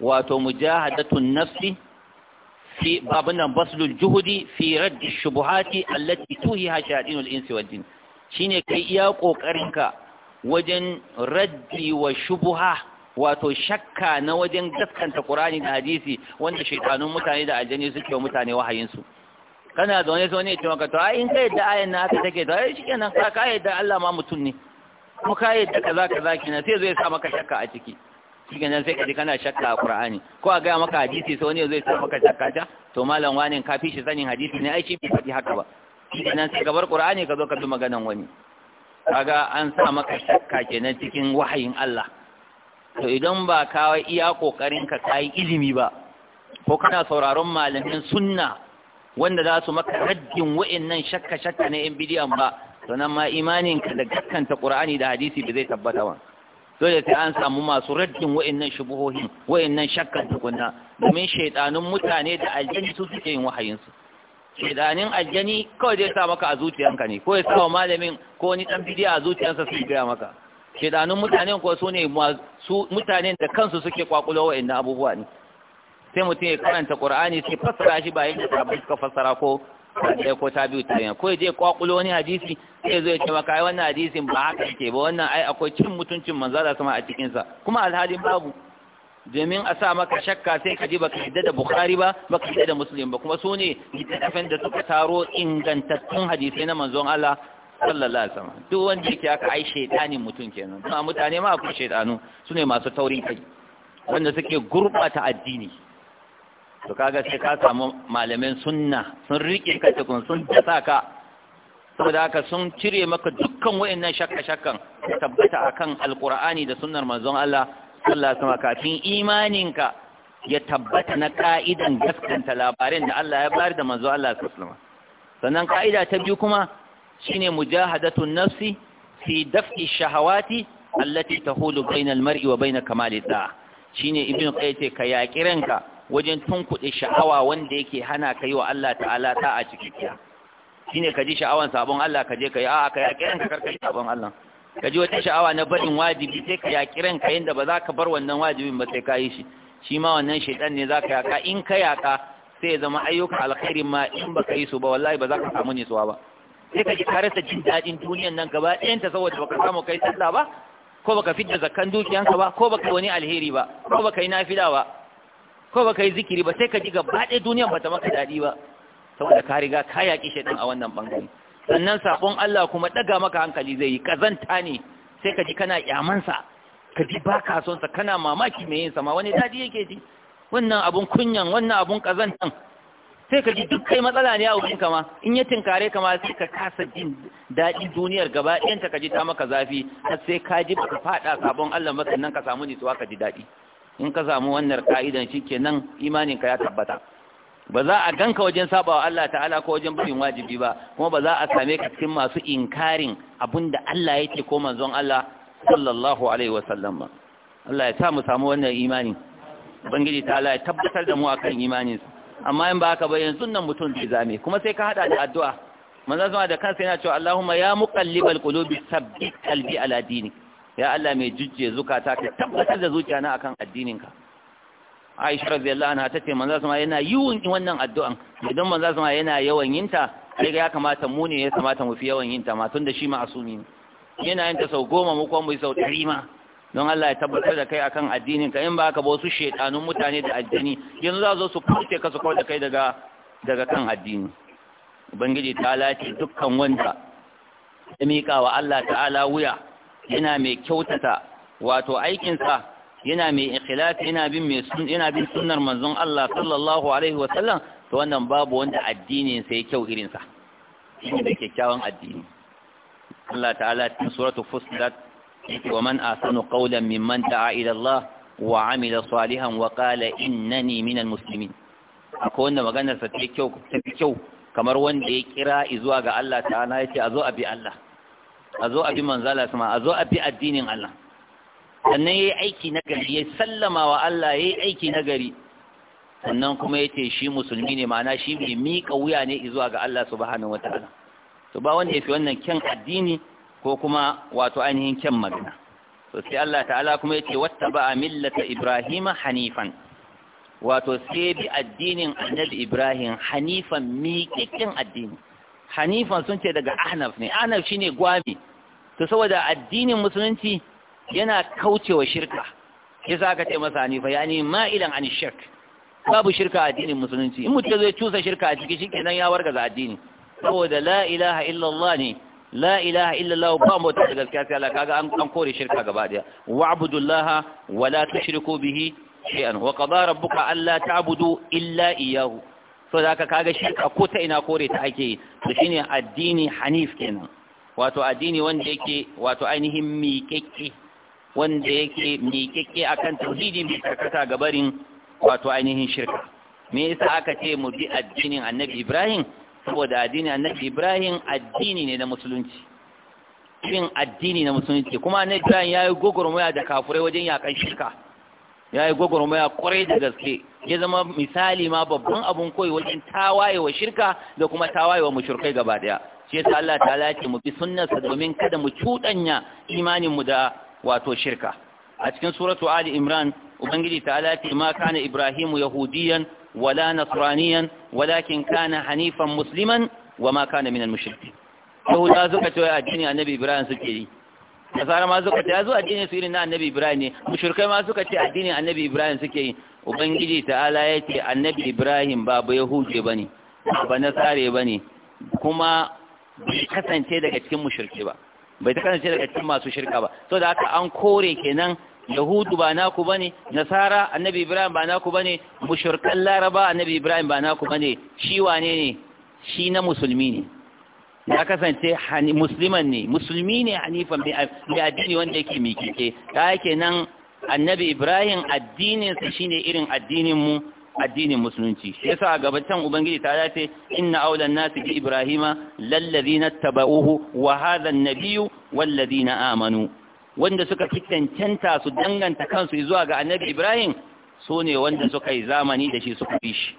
wato mujahadatun nafsi fi babun baslul juhudi fi raddi shubuhati allati tuhiha shayatinul insi wal jin shine kai iya kokarinka wajen raddi wa shubuha wato shakka na wajen gaskanta Qur'ani da hadisi wanda shaytanun mutane da aljani suke wa mutane wahayinsu kana zaune zo ne cewa ka to ai in ka yadda ayan na haka take to ai shikenan ka ka yadda Allah ma mutum ne kuma ka yadda kaza kaza kenan sai zai sa maka shakka a ciki shikenan sai ka ji kana shakka a Qur'ani ko a ga maka hadisi sai wani zai sa maka shakka ta to malam wani ka fi shi sanin hadisi ne ai shi bai faɗi haka ba shikenan sai ka bar Qur'ani ka zo ka bi maganan wani kaga an sa maka shakka kenan cikin wahayin Allah to idan ba ka iya kokarin ka kai ilimi ba ko kana sauraron malamin sunna wanda za su maka raddin wa'annan shakka shakka na yan bidiyon ba nan ma imaninka da gaskanta qur'ani da hadisi ba zai tabbata ba dole sai an samu masu raddin wa'annan shubuhohin wa'annan shakkan tukunna domin shaidanun mutane da aljani su suke yin wahayinsu shaidanin aljani kawai zai sa maka a zuciyanka ne ko ya sa wa malamin ko wani dan bidiya a zuciyansa su gaya maka shaidanun mutanen ko su ne su mutanen da kansu suke kwakulo wa'annan abubuwa ne sai mutum ya karanta qur'ani sai fassara shi ba yadda sahabbai suka fassara ko ɗaya ko ta biyu tare ko je kwakulo wani hadisi sai zo ya ce maka wannan hadisin ba haka yake ba wannan ai akwai cin mutuncin manzo da sama a cikin sa kuma alhalin babu domin a sa maka shakka sai ka ji baka yadda da bukhari ba baka yadda da muslim ba kuma su ne littattafan da suka taro ingantattun hadisai na manzon Allah sallallahu alaihi wasallam duk wanda yake aka ai shaytanin mutum kenan kuma mutane ma akwai shaytanu su ne masu taurin kai wanda suke gurbata addini to kaga sai ka samu malamin sunna sun rike ka cikin sun dasa ka saboda haka sun cire maka dukkan wayannan shakka-shakkan tabbata akan alqur'ani da sunnar manzon Allah sallallahu alaihi wasallam kafin imaninka ya tabbata na ka'idan gaskanta labarin da Allah ya bayar da manzon Allah sallallahu alaihi wasallam sannan ka'ida ta biyu kuma shine mujahadatun nafsi fi daf'i shahawati allati tahulu bainal mar'i wa bain kamali da'a shine ibnu qayyim ka yaki ranka wajen tunkuɗe sha'awa wanda yake hana ka yi wa Allah ta'ala ta a cikakkiya shine ka ji sha'awan sabon Allah ka je ka yi a'a ka yaƙi ranka karka yi sabon Allah ka ji wata sha'awa na barin wajibi sai ka yaƙi ranka yadda ba za ka bar wannan wajibin ba sai ka yi shi shi ma wannan shaitan ne za ka yaƙa in ka yaƙa sai ya zama ayyuka alkhairi ma in ba ka yi su ba wallahi ba za ka samu nutsuwa ba sai ka ji ka rasa jin daɗin duniyan nan gaba ɗayanta saboda baka samu kai sallah ba ko baka fidda zakkan dukiyanka ba ko baka wani alheri ba ko baka yi nafila ba ko baka yi zikiri ba sai ka ji gaba ɗaya duniyan bata maka daɗi ba saboda ka riga ka yaƙi shaitan a wannan bangare sannan sakon Allah kuma ɗaga maka hankali zai yi Ƙazanta ne sai ka ji kana ƙyamansa ka ji ba ka sonsa. kana mamaki mai yin sama wani daɗi yake ji wannan abun kunyan wannan abun ƙazantan, sai ka ji duk kai matsala ne a wurin kama in ya tinkare kama sai ka kasa jin daɗi duniyar gaba ɗayanta ka ji ta maka zafi har sai ka ji ka faɗa sabon Allah ba sannan ka samu nutsuwa ka ji daɗi in ka samu wannan ka'idan shikenan imaninka ya tabbata ba za a ganka wajen sabawa Allah ta'ala ko wajen bin wajibi ba kuma ba za a same ka cikin masu inkarin abinda Allah yake ko manzon Allah sallallahu alaihi wasallam ba Allah ya sa mu samu wannan imani bangiji ta'ala ya tabbatar da mu akan imani amma in ba ka ba yanzu nan mutum zai zame kuma sai ka hada da addu'a manzon Allah da kansa yana cewa Allahumma ya muqallibal qulubi sabbit qalbi ala dinik ya Allah mai jujje zukata ka tabbatar da zuciya na akan addininka Aisha radiyallahu anha tace manzo sama yana yiwun wannan addu'an idan manzo sama yana yawan yinta sai ga ya kamata mu ne ya kamata mu fi yawan yinta ma tunda shi ma asumi ne yana ta sau goma mu kuma mu sau ɗari ma don Allah ya tabbatar da kai akan addininka. in ba ka ba wasu shedanun mutane da addini yanzu za zo su furce ka su kawar kai daga daga kan addini ubangiji ta lace dukkan wanda ya miƙa wa Allah ta'ala wuya yana mai kyautata wato aikinsa yana mai ikhlasi yana bin mai sun yana bin sunnar manzon Allah sallallahu alaihi wasallam to wannan babu wanda addinin sai kyau irin sa shine da kyakkyawan addini Allah ta'ala cikin suratul fussilat wa man ahsanu qawlan mimman da'a ila Allah wa amila salihan wa qala innani minal muslimin akwai wanda maganar sa ta kyau kyau kamar wanda ya kira zuwa ga Allah ta'ala yace a zo a bi Allah a zo a bi manzala sama a zo a bi addinin Allah sannan yayi aiki na gari yayi sallama wa Allah yayi aiki na gari sannan kuma yace shi musulmi ne ma'ana shi mai miƙa wuya ne zuwa ga Allah subhanahu wataala to ba wanda yafi wannan kyan addini ko kuma wato ainihin kyan magana to sai Allah ta'ala kuma yace wattaba millata ibrahima hanifan wato sai bi addinin annabi ibrahim hanifan miƙaƙƙen addini hanifan sun ce daga ahnaf ne ahnaf shine gwami to saboda addinin musulunci yana kaucewa shirka yasa aka ce masa hanifa yani ma'ilan an shirk babu shirka addinin musulunci in mutum zai cusa shirka a ciki shikenan ya wargaza addini saboda la ilaha illallah ne la ilaha illallah ba mota da gaskiya sai Allah kaga an kore shirka gaba daya wa'budullaha wala la tushriku bihi shay'an wa qadara rabbuka alla ta'budu illa iyyahu so da aka kaga a ko ta ina kore ta ake yi to shine addini hanif kenan wato addini wanda yake wato ainihin miƙeƙe wanda yake miƙeƙe akan tauhidi mai karkata ga barin wato ainihin shirka me yasa aka ce mu bi addinin annabi ibrahim saboda addinin annabi ibrahim addini ne na musulunci Shin addini na musulunci kuma annabi ibrahim ya yi gogormaya da kafurai wajen yakan shirka ya yi gwagwarmaya kwarai da gaske ya zama misali ma babban abun koyi wajen tawaye wa shirka da kuma tawaye wa mushrikai gaba daya shi yasa Allah ta ce mu bi sunnarsa domin kada mu cudanya imanin mu da wato shirka a cikin suratu ali imran ubangiji ta ce ma kana ibrahimu yahudiyan wala nasraniyan walakin kana hanifan musliman wa ma kana minal mushrikin yahudawa suka ce addini annabi ibrahim suke yi nasara ma suka ce ya zo addinin su irin na annabi ibrahim ne mushrikai ma suka ce addinin annabi ibrahim suke yi ubangiji ta'ala ya ce annabi ibrahim ba ba ne, bane ba nasare ne kuma bai kasance daga cikin mushrike ba bai ta kasance daga cikin masu shirka ba so da haka an kore kenan yahudu ba naku bane nasara annabi ibrahim ba naku bane mushrikan laraba annabi ibrahim ba naku bane shi wane ne shi na musulmi ne ya kasance musulman ne musulmi ne hanifan mai addini wanda yake mikike ta yake nan annabi ibrahim addininsa shine irin addininmu addinin musulunci shi yasa a gabatan ubangiji ta dace inna aulan nasi bi ibrahima lallazina tabauhu wa hadha an-nabiyyu na amanu wanda suka fi cancanta su danganta kansu zuwa ga annabi ibrahim so ne wanda suka yi zamani da shi suka fi shi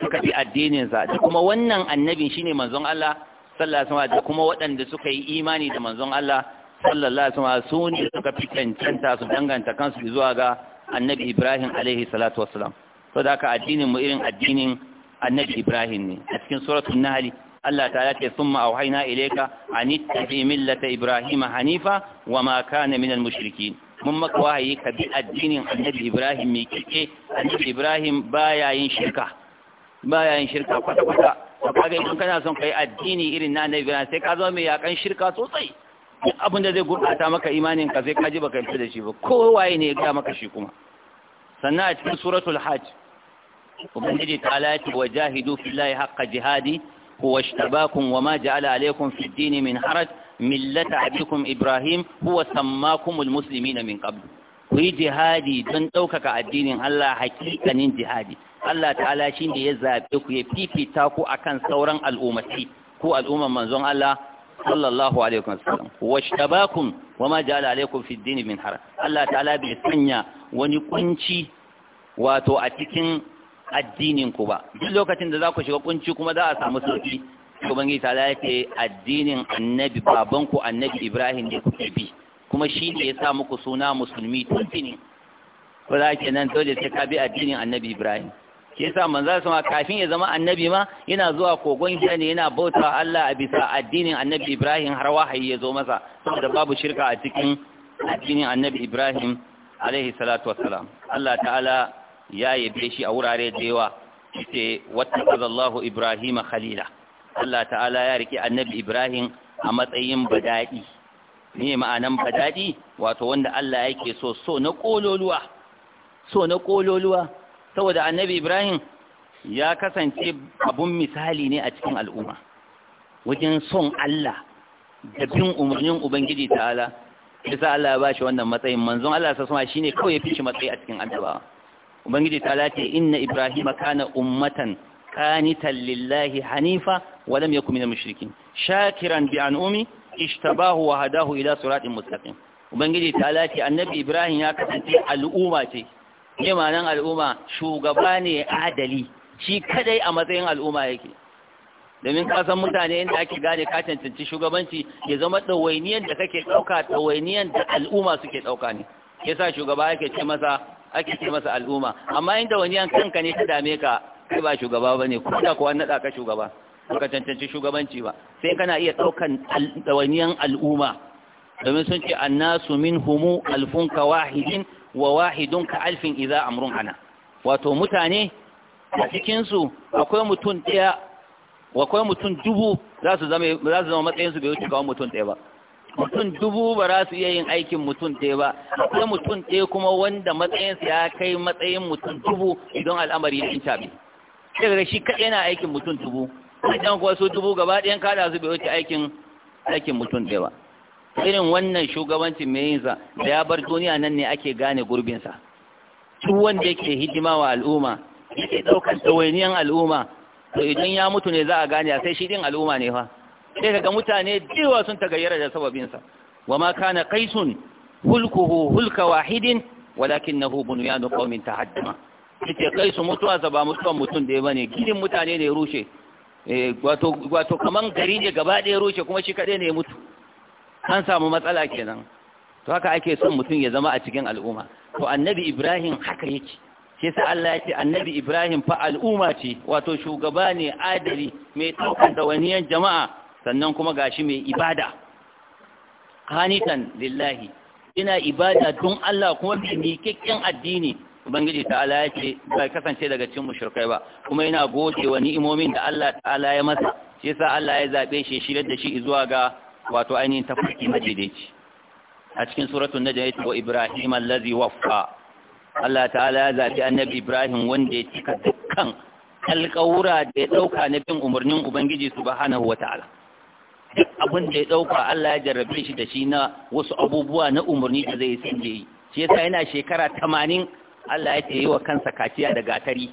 suka fi addininsa kuma wannan annabin shine manzon Allah sallallahu alaihi wasallam da kuma waɗanda suka yi imani da manzon Allah sallallahu alaihi wasallam su ne suka fi cancanta su danganta kansu zuwa ga annabi Ibrahim alaihi salatu wassalam saboda ka addinin mu irin addinin annabi Ibrahim ne a cikin suratul nahl Allah ta'ala ce summa auhayna ilayka an ittabi millata ibrahima hanifa wama kana minal mushrikin mun maka wahayi ka bi addinin annabi Ibrahim mai kike annabi Ibrahim baya yin shirka baya yin shirka kwata kwata to kaga idan kana son kai addini irin na annabi Ibrahim sai ka zama mai yakan shirka sosai duk abin da zai gurɓata maka imanin ka sai ka ji baka yarda da shi ba ko ne ya ga maka shi kuma sannan a cikin suratul hajj ubangiji ta lati wa jahidu fillahi haqqa jihadi huwa ishtabakum wa ma ja'ala alaykum fid dini min haraj millata abikum ibrahim huwa sammakumul muslimina min qabl ku yi jihadi don ɗaukaka addinin Allah hakikanin jihadi Allah ta'ala shi ne ya zaɓe ku ya fifita ku akan sauran al'ummati ko al'umman manzon Allah sallallahu alaihi wasallam washtabakum wama ja'ala alaikum fid din min Allah ta'ala bai sanya wani kunci wato a cikin addininku ba duk lokacin da za ku shiga kunci kuma za a samu sauki ubangiji ta lafe addinin annabi babanku annabi ibrahim da kuke bi kuma shi ne ya sa muku suna musulmi tuntuni ko za ke nan dole sai ka bi addinin annabi ibrahim shi yasa manzo sama kafin ya zama annabi ma yana zuwa kogon shi ne yana bauta Allah a bisa addinin annabi Ibrahim har wahayi ya zo masa saboda babu shirka a cikin addinin annabi Ibrahim alaihi salatu wassalam Allah ta'ala ya yabe shi a wurare da yawa wata wattaqallahu Ibrahim khalila Allah ta'ala ya rike annabi Ibrahim a matsayin badadi ne ma'anan badadi wato wanda Allah yake so so na kololuwa so na kololuwa saboda annabi ibrahim ya kasance abun misali ne a cikin al'umma wajen son Allah da bin umarnin ubangiji ta'ala yasa Allah ya bashi wannan matsayin manzon Allah sa sama shine kawai ya fishi matsayi a cikin annabawa ubangiji ta'ala ce inna ibrahima kana ummatan qanitan lillahi hanifa wa lam yakun minal mushrikin shakiran bi an'umi ishtabahu wa hadahu ila siratin mustaqim ubangiji ta'ala ce annabi ibrahim ya kasance al'umma ce ne al'umma shugaba ne adali shi kadai a matsayin al'umma yake domin kasan mutane inda ake gane ka cancanci shugabanci ya zama ɗawainiyar da kake ɗauka ɗawainiyar da al'umma suke ɗauka ne ya sa shugaba ake ce masa ake ce masa al'umma amma inda wani 'yan kanka ne ta dame ka kai ba shugaba ba ne ko da kuwa naɗa ka shugaba ka cancanci shugabanci ba sai kana iya ɗaukan ɗawainiyar al'umma domin sun ce annasu min humu alfunka wahidin wa wahidun ka alfin a amrun ana? wato mutane a cikinsu akwai mutum ɗaya, akwai mutum dubu za su zama matsayinsu matsayin su bai wuce kawo mutum ɗaya ba mutum dubu ba za su iya yin aikin mutum ɗaya ba akwai mutum ɗaya kuma wanda matsayinsa ya kai matsayin mutum dubu idan al'amari ya inta bi daga shi kaɗai yana aikin mutum dubu idan kuwa su dubu gaba ɗayan kada su bai wuce aikin aikin mutum ɗaya ba irin wannan shugabancin mai sa da ya bar duniya nan ne ake gane gurbinsa su wanda yake hidima wa al'umma yake ɗaukar ɗawainiyar al'umma to idan ya mutu ne za a gane a, sai shi ɗin al'umma ne fa sai kaga mutane dewa sun tagayyara da sababinsa wa ma kana qaisun hulkuhu hulka wahidin walakinahu ta qaumin ita kai qaisu mutuwa ba mutuwan mutum da ya bane gidin mutane ne rushe eh, wato kamar kaman gari ne gaba ɗaya rushe kuma shi kaɗai ne ya mutu an samu matsala kenan to haka ake son mutum ya zama a cikin al'umma to annabi ibrahim haka yake shi sa Allah ya annabi ibrahim fa al'umma ce wato shugaba ne adali mai ɗaukar dawaniyan jama'a sannan kuma gashi mai ibada hanitan lillahi ina ibada don Allah kuma mai kikkin addini ubangiji ta ya ce bai kasance daga cikin mushrikai ba kuma yana gode wani imomin da Allah ta'ala ya masa shi yasa Allah ya zabe shi shirye da shi zuwa ga wato ainihin tafarki madaidaici a cikin suratun na yace wa ibrahim allazi waffa Allah ta'ala ya zafi annabi ibrahim wanda ya cika dukkan alkawura da ya dauka na bin umarnin ubangiji su ba hana wataala duk abin da ya dauka Allah ya jarrabe shi da shi na wasu abubuwa na umarni da zai sai da yi shi yasa yana shekara tamanin Allah ya tayi wa kansa kaciya da gatari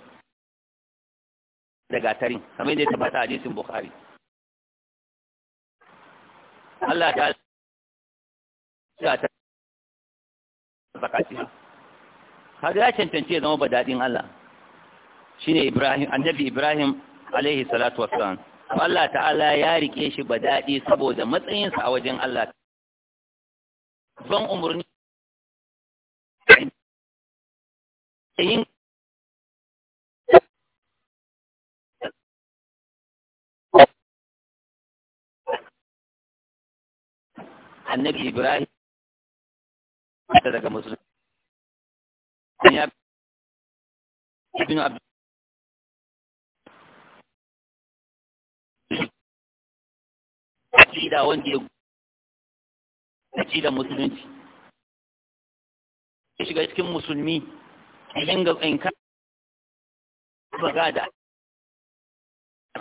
da gatarin kamar yadda ya tabbata hadisin bukhari Allah ta ta ta bakatiya. kaga ya cancance zama daɗin Allah shine Ibrahim annabi Ibrahim alaihi salatu wassalam Allah ta'ala ya rike shi ba daɗi saboda matsayinsa a wajen Allah ban umurni yin annabi Ibrahim da daga musulmi. musulun. Ya ibn Abdul akida wanda ya gudu. akida musulunci ya shiga cikin musulmi yin ga inka ba gada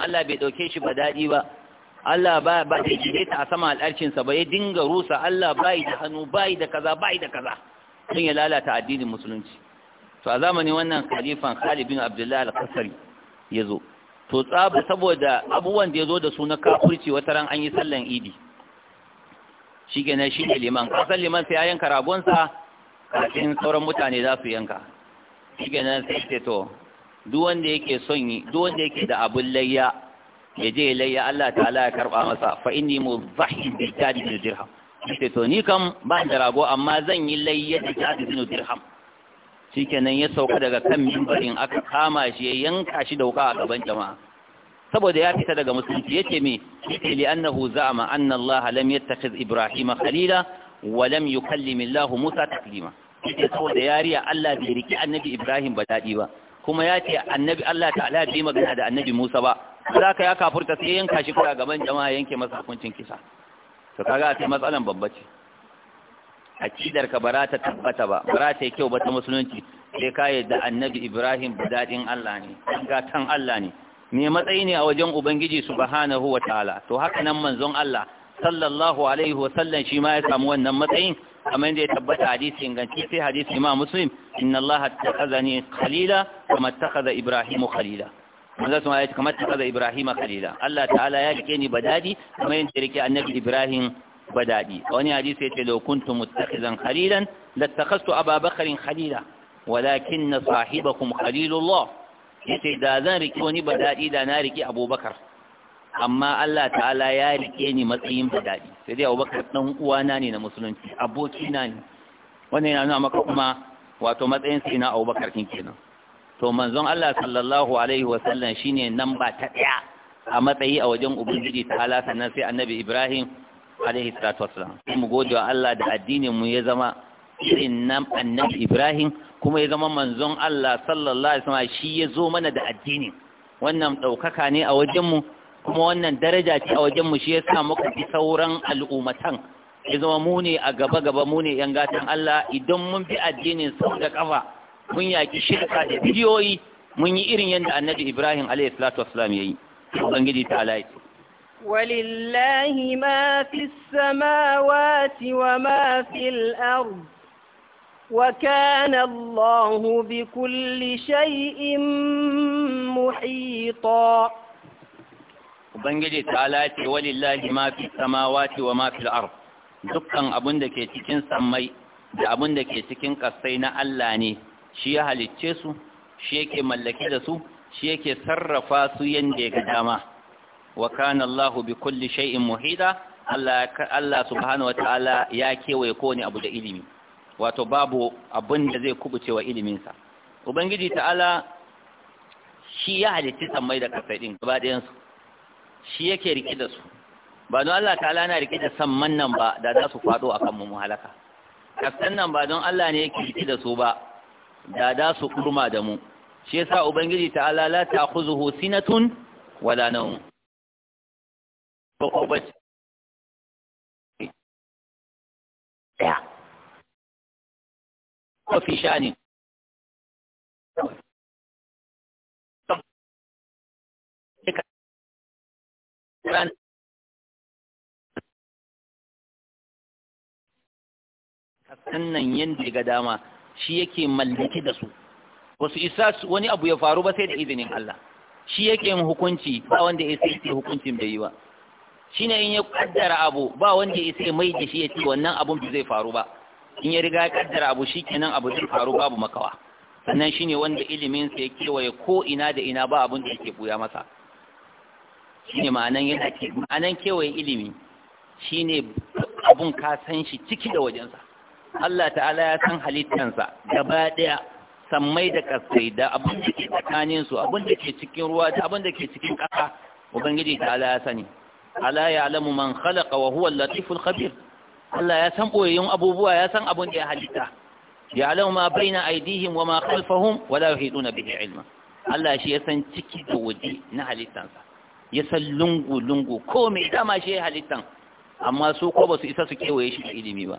Allah bai dauke shi ba daɗi ba Allah ba ba da jide ta a sama al'arcin sa ba ya dinga rusa Allah bai da hannu bai da kaza bai da kaza sun ya lalata addinin musulunci to a zamanin wannan khalifan Khalid bin Abdullah al-Qasri yazo to tsaba saboda abubuwan da yazo da su na kafirci wata ran an yi sallan Idi shikenan shi ne liman kasan liman sai ya yanka sa. kafin sauran mutane za su yanka shikenan sai ce to duk wanda yake son yi duk wanda yake da abun layya ya je layya Allah ta'ala ya karba masa fa inni mudhahi bi jadi dirham sai to ni kam ba da rago amma zan yi layya da jadi dirham shikenan ya sauka daga kan mimbarin aka kama shi ya yanka shi da wuka a gaban jama'a saboda ya fita daga musulunci yace me yace li annahu za'ama anna Allah lam yattakhiz Ibrahim khalila wa lam yukallim Allah Musa taklima yace saboda yariya Allah bai riki annabi Ibrahim ba dadi ba kuma yace annabi Allah ta'ala bai magana da annabi Musa ba za ka ya kafurta sai yanka shi kura gaban jama'a yanke masa hukuncin kisa to kaga sai matsalan babba ce akidar ka bara ta tabbata ba bara ta yi kyau ba ta musulunci sai ka yadda annabi ibrahim budadin allah ne gatan allah ne ne matsayi ne a wajen ubangiji subhanahu wa ta'ala to haka nan manzon allah sallallahu alaihi wa sallam shi ma ya samu wannan matsayin kamar da ya tabbata hadisi inganci sai hadisi ma muslim inna allaha takhazani khalila kama takhadha ibrahimu khalila manzo sun ayati kamar ta Ibrahim khalila Allah ta'ala ya rike ni badadi kamar yin rike annabi Ibrahim badadi wani hadisi yace law kuntu muttakhizan khalilan lattakhadtu Abu Bakr khalila walakin sahibakum khalilullah yace da zan rike wani badadi da na rike Abubakar amma Allah ta'ala ya rike ni matsayin badadi sai dai Abubakar dan uwana ne na musulunci abokina ne wannan yana nuna maka kuma wato matsayin sai Abubakar kin kenan to manzon Allah sallallahu alaihi wasallam shine namba ta daya a matsayi a wajen ubangiji ta ala sannan sai annabi Ibrahim alaihi salatu wasallam mu gode wa Allah da addinin mu ya zama irin nan annabi Ibrahim kuma ya zama manzon Allah sallallahu alaihi wasallam shi ya zo mana da addinin wannan daukaka ne a wajen mu kuma wannan daraja ce a wajen mu shi sa muka fi sauran al'ummatan ya zama mu ne a gaba gaba mu ne yan gatan Allah idan mun bi addinin sau da kafa mun yaƙi shirka da bidiyoyi mun yi irin yadda annabi ibrahim alaihi salatu wassalam yayi ubangiji ta alaiki ولله ما في السماوات وما في الأرض وكان الله بكل شيء محيطا Ubangiji ta'ala ce walillahi ma fi samawati wa ma fil ard dukkan abun da ke cikin sammai da abun da ke cikin kasai na Allah ne shi ya halicce su shi yake mallake da su shi yake sarrafa su yanda ya ga dama wa kana Allahu bi kulli shay'in muhida Allah Allah subhanahu wataala ya kewaye kowane abu da ilimi wato babu abin da zai kubuce wa ilimin sa ubangiji ta'ala shi ya halicce sammai da kasai din gaba da yansu shi yake rike da su ba don Allah ta'ala na rike da samman nan ba da za su fado akan mu halaka kasan nan ba don Allah ne yake rike da su ba da da su kurma da mu shi yasa ubangiji ta'ala la ta'khuzuhu sinatun wala nawm ko fi shani sannan yadda ga dama shi yake mallaki da su wasu isa wani abu ya faru ba sai da izinin Allah shi yake yin hukunci ba wanda ya sai yake hukuncin bai yi ba shine in ya kaddara abu ba wanda ya sai mai da shi ya ce wannan abun zai faru ba in ya riga ya kaddara abu shikenan abu zai faru babu makawa sannan shine wanda ilimin sa ya waye ko ina da ina ba abun da yake buya masa shine ma'anan yana ma'anan kewaye ilimi shine abun ka san shi ciki da wajensa Allah ta'ala ya san halittansa gaba ɗaya sammai da kasai da abin da ke tsakanin su abin da ke cikin ruwa da abin da ke cikin ƙasa ubangiji ta'ala ya sani ala ya'lamu man khalaqa wa huwa al-latiful khabir Allah ya san boyayyun abubuwa ya san abin da ya halitta ya'lamu ma baina aydihim wa ma khalfahum wa la yuhituna bihi ilma Allah shi ya san ciki da waje na halittansa ya san lungu lungu ko me dama shi halittan amma su ko ba su isa su kewaye shi da ilimi ba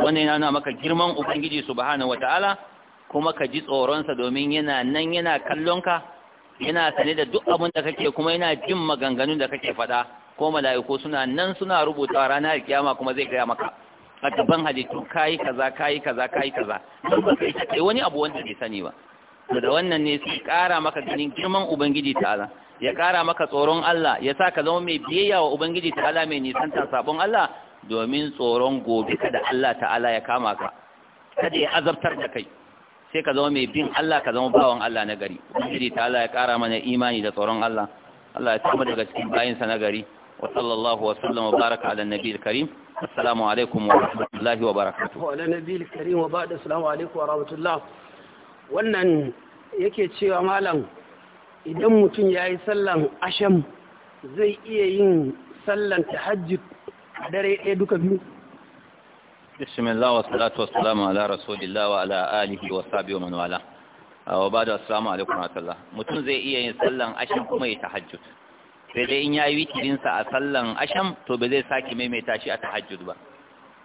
wannan yana maka girman ubangiji subhanahu wataala kuma ka ji tsoronsa domin yana nan yana ka? yana sane da duk abin da kake kuma yana jin maganganun da kake faɗa ko mala'iku suna nan suna rubuta ranar kiyama kuma zai gaya maka a gaban halittu kai kaza kai kaza kai kaza sai wani abu wanda bai sani ba da wannan ne sai ƙara maka ganin girman ubangiji ta'ala ya ƙara maka tsoron Allah ya sa ka zama mai biyayya wa ubangiji ta'ala mai nisan ta sabon Allah domin tsoron gobe kada Allah ta'ala ya kama ka kada ya azabtar da kai sai ka zama mai bin Allah ka zama bawan Allah na gari ubangiji ta'ala ya kara mana imani da tsoron Allah Allah ya tsama daga cikin sa na gari wa sallallahu wa sallama wa baraka ala nabiyil karim assalamu alaikum wa rahmatullahi wa barakatuh wa ala nabiyil karim wa ba'da assalamu alaikum wa rahmatullah wannan yake cewa malam idan mutum yayi sallan asham zai iya yin sallan tahajjud dare ɗaya duka biyu bismillah wa salatu wa salamu ala rasulillah wa ala alihi wa wa man wala wa assalamu alaikum wa mutum zai iya yin sallan asham kuma ya tahajjud sai dai in yayi witrin a sallan asham to ba zai sake maimaita shi a tahajjud ba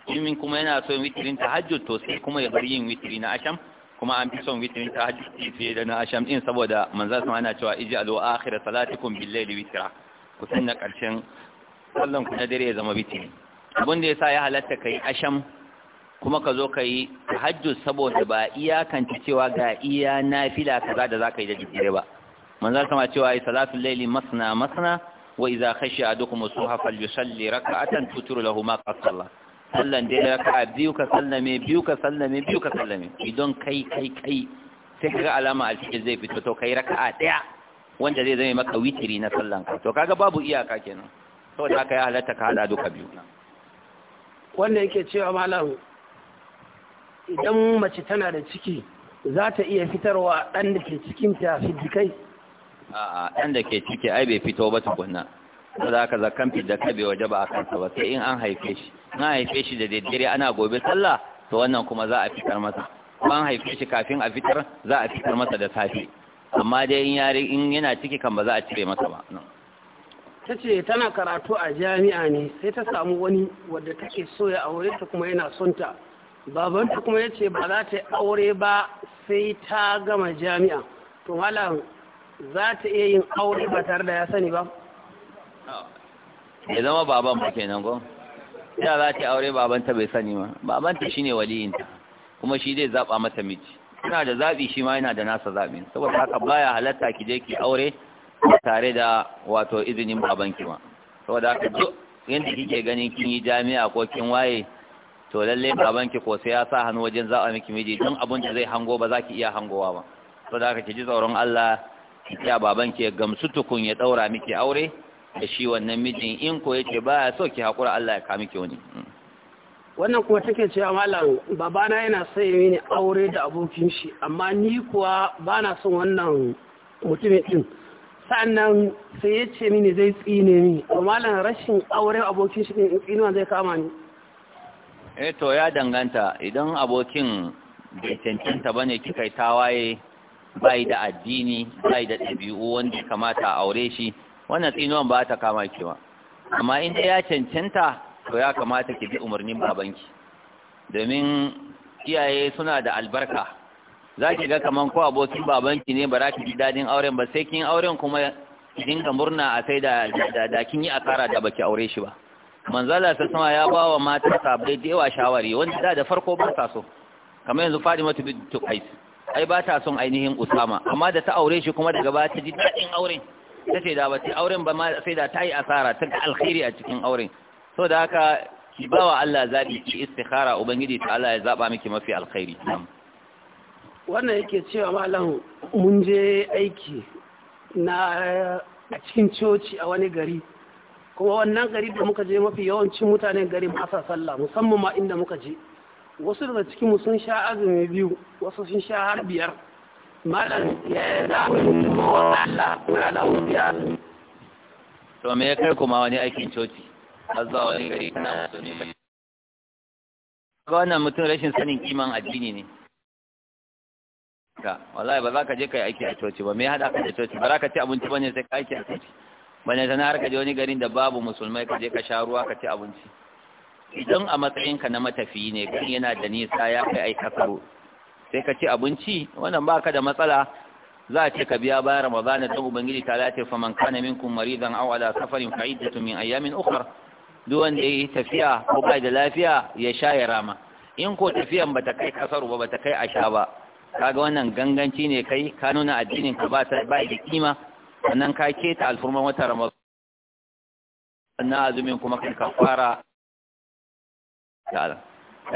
in kuma yana so yin witrin tahajjud to sai kuma ya bar yin witri na asham kuma an fi son witrin tahajjud fiye da na din saboda manzo sama ana cewa ij'alu akhir salatikum bil-layli witra ku sanna karshen sallan ku na dare ya zama bitini abin da sa ya halatta yi asham kuma ka zo ka yi tahajjud saboda ba iyakanci cewa ga iya nafila kaza da zaka yi da jikire ba manzon sama cewa ai salatul layli masna masna wa idza khashiya ahadukum as-suha falyusalli rak'atan tutru lahu ma qad sallan dai raka'a biyu ka sallame biyu ka sallame biyu ka sallame idan kai kai kai sai kaga alama alfijir zai fito to kai raka'a daya wanda zai zama maka witiri na sallan ka to kaga babu iyaka kenan saboda aka yi halatta ka hada duka biyu wannan yake cewa malam idan mace tana da ciki za ta iya fitarwa ɗan da ke cikin cikinta fiddikai a ɗan da ke ciki ai bai fito ba tukunna za ka zakan fiddikai bai waje ba a kansa ba sai in an haife shi in an haife shi da daddare ana gobe sallah to wannan kuma za a fitar masa an haife shi kafin a fitar za a fitar masa da safe amma dai in yana ciki kan ba za a cire masa ba ta ce tana karatu a jami'a ne sai ta samu wani wadda take soya a aure ta kuma yana son ta babanta kuma ya ce ba za ta aure ba sai ta gama jami'a to hala za ta iya yin aure ba tare da ya sani ba ya zama baban ba kenan ko ya za ta aure babanta bai sani ba babanta shi ne waliyinta kuma shi zai zaba mata miji Ina da zaɓi shi ma yana da nasa zaɓi. saboda haka baya halatta ki je ki aure tare da wato izinin babanki ba saboda haka duk yadda kike ganin kin yi jami'a ko kin waye to lalle babanki ko sai ya sa hannu wajen za'a miki miji don abin da zai hango ba za ki iya hangowa ba saboda haka ki ji tsoron Allah ki ya babanki ya gamsu tukun ya daura miki aure da shi wannan mijin in ko yake baya so ki hakura Allah ya ka miki wani wannan kuma take cewa malam babana yana son yi aure da abokin shi amma ni kuwa bana son wannan mutumin din sa'annan sai ya ce mini zai tsine ni malam rashin aure abokin shi tsine tsinuwa zai kama ni eh to ya danganta idan abokin bai cancanta bane kika tawaye bai da addini bai da ɗabi'u wanda kamata aure shi wannan tsinuwan ba ta kama ki ba amma in ya cancanta to ya kamata ki bi umarnin babanki domin iyaye suna da albarka za ki ga kaman ko abokin babanki ne ba za ki ji dadin auren ba sai kin auren kuma dinga murna a sai da da kin yi asara da baki aure shi ba manzala ta sama ya ba wa mata sabai da yawa shawari wanda da da farko ba ta so kamar yanzu Fadima ta bin Tuqais ai ba ta son ainihin Usama amma da ta aure shi kuma daga ba ta ji dadin auren ta ce da ba ta auren ba ma sai da ta yi asara ta ga alkhairi a cikin auren so da haka ki ba wa Allah zabi ki istikhara ubangiji ta Allah ya zaba miki mafi alkhairi wannan yake cewa malam mun je aiki na a cikin coci a wani gari kuma wannan gari da muka je mafi yawancin mutanen garin masa sallah musamman ma inda muka je wasu daga cikin sun sha azumi biyu wasu sun sha har biyar malam ya da Allah muna da biya to me ya kai kuma wani aikin coci har zuwa wani gari kana musulmi ba wannan mutum rashin sanin kiman addini ne ka wallahi ba za ka je ka aiki a coci ba me ya haɗa ka da coci ba za ka ci abinci bane sai ka aiki a coci bane sana har ka je wani garin da babu musulmai ka je ka sha ruwa ka ci abinci idan a matsayinka na matafiyi ne kan yana da nisa ya kai ai kasaro sai ka ci abinci wannan ba ka da matsala za a ce ka biya bayan ramadana ta ubangiji ta lati fa man kana minkum maridan aw ala safarin fa iddatu min ayamin ukhra duk wanda yayi tafiya ko bai da lafiya ya sha ya rama in ko tafiyan bata kai kasaro ba bata kai asha ba kaga wannan ganganci ne kai ka nuna addinin ka ba ta ba da kima sannan ka keta alfurman wata ramadan sannan azumin kuma kai kafara ta'ala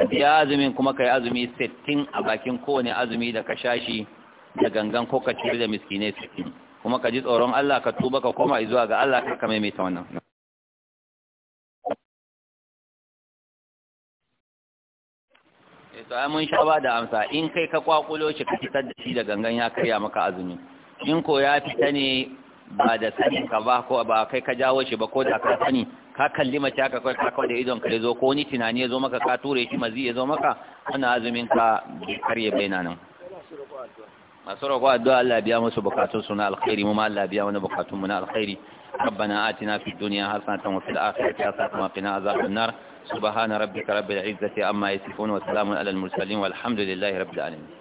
biya azumin kuma kai azumi sittin a bakin kowane azumi da ka shashi da gangan ko ka cire da miskinai sittin kuma ka ji tsoron Allah ka tuba ka koma zuwa ga Allah ka kame mai ta wannan to ai mun sha ba da amsa in kai ka kwakulo shi ka fitar da shi da gangan ya karya maka azumi in ko ya fita ne ba da sani ka ba ko ba kai ka jawo shi ba ko da ka sani ka kalli mace ka kai ka kawo da idon ka zo ko ni tunani ya zo maka ka ture shi mazi ya zo maka ana azumin ka karye baina nan masu roƙo addu'a Allah biya musu bukatun suna na alkhairi mu ma Allah biya wani bukatun mu na alkhairi ربنا آتنا في الدنيا حسنة وفي الآخرة حسنة وقنا عذاب النار سبحان ربك رب العزة أما يسفون وسلام على المرسلين والحمد لله رب العالمين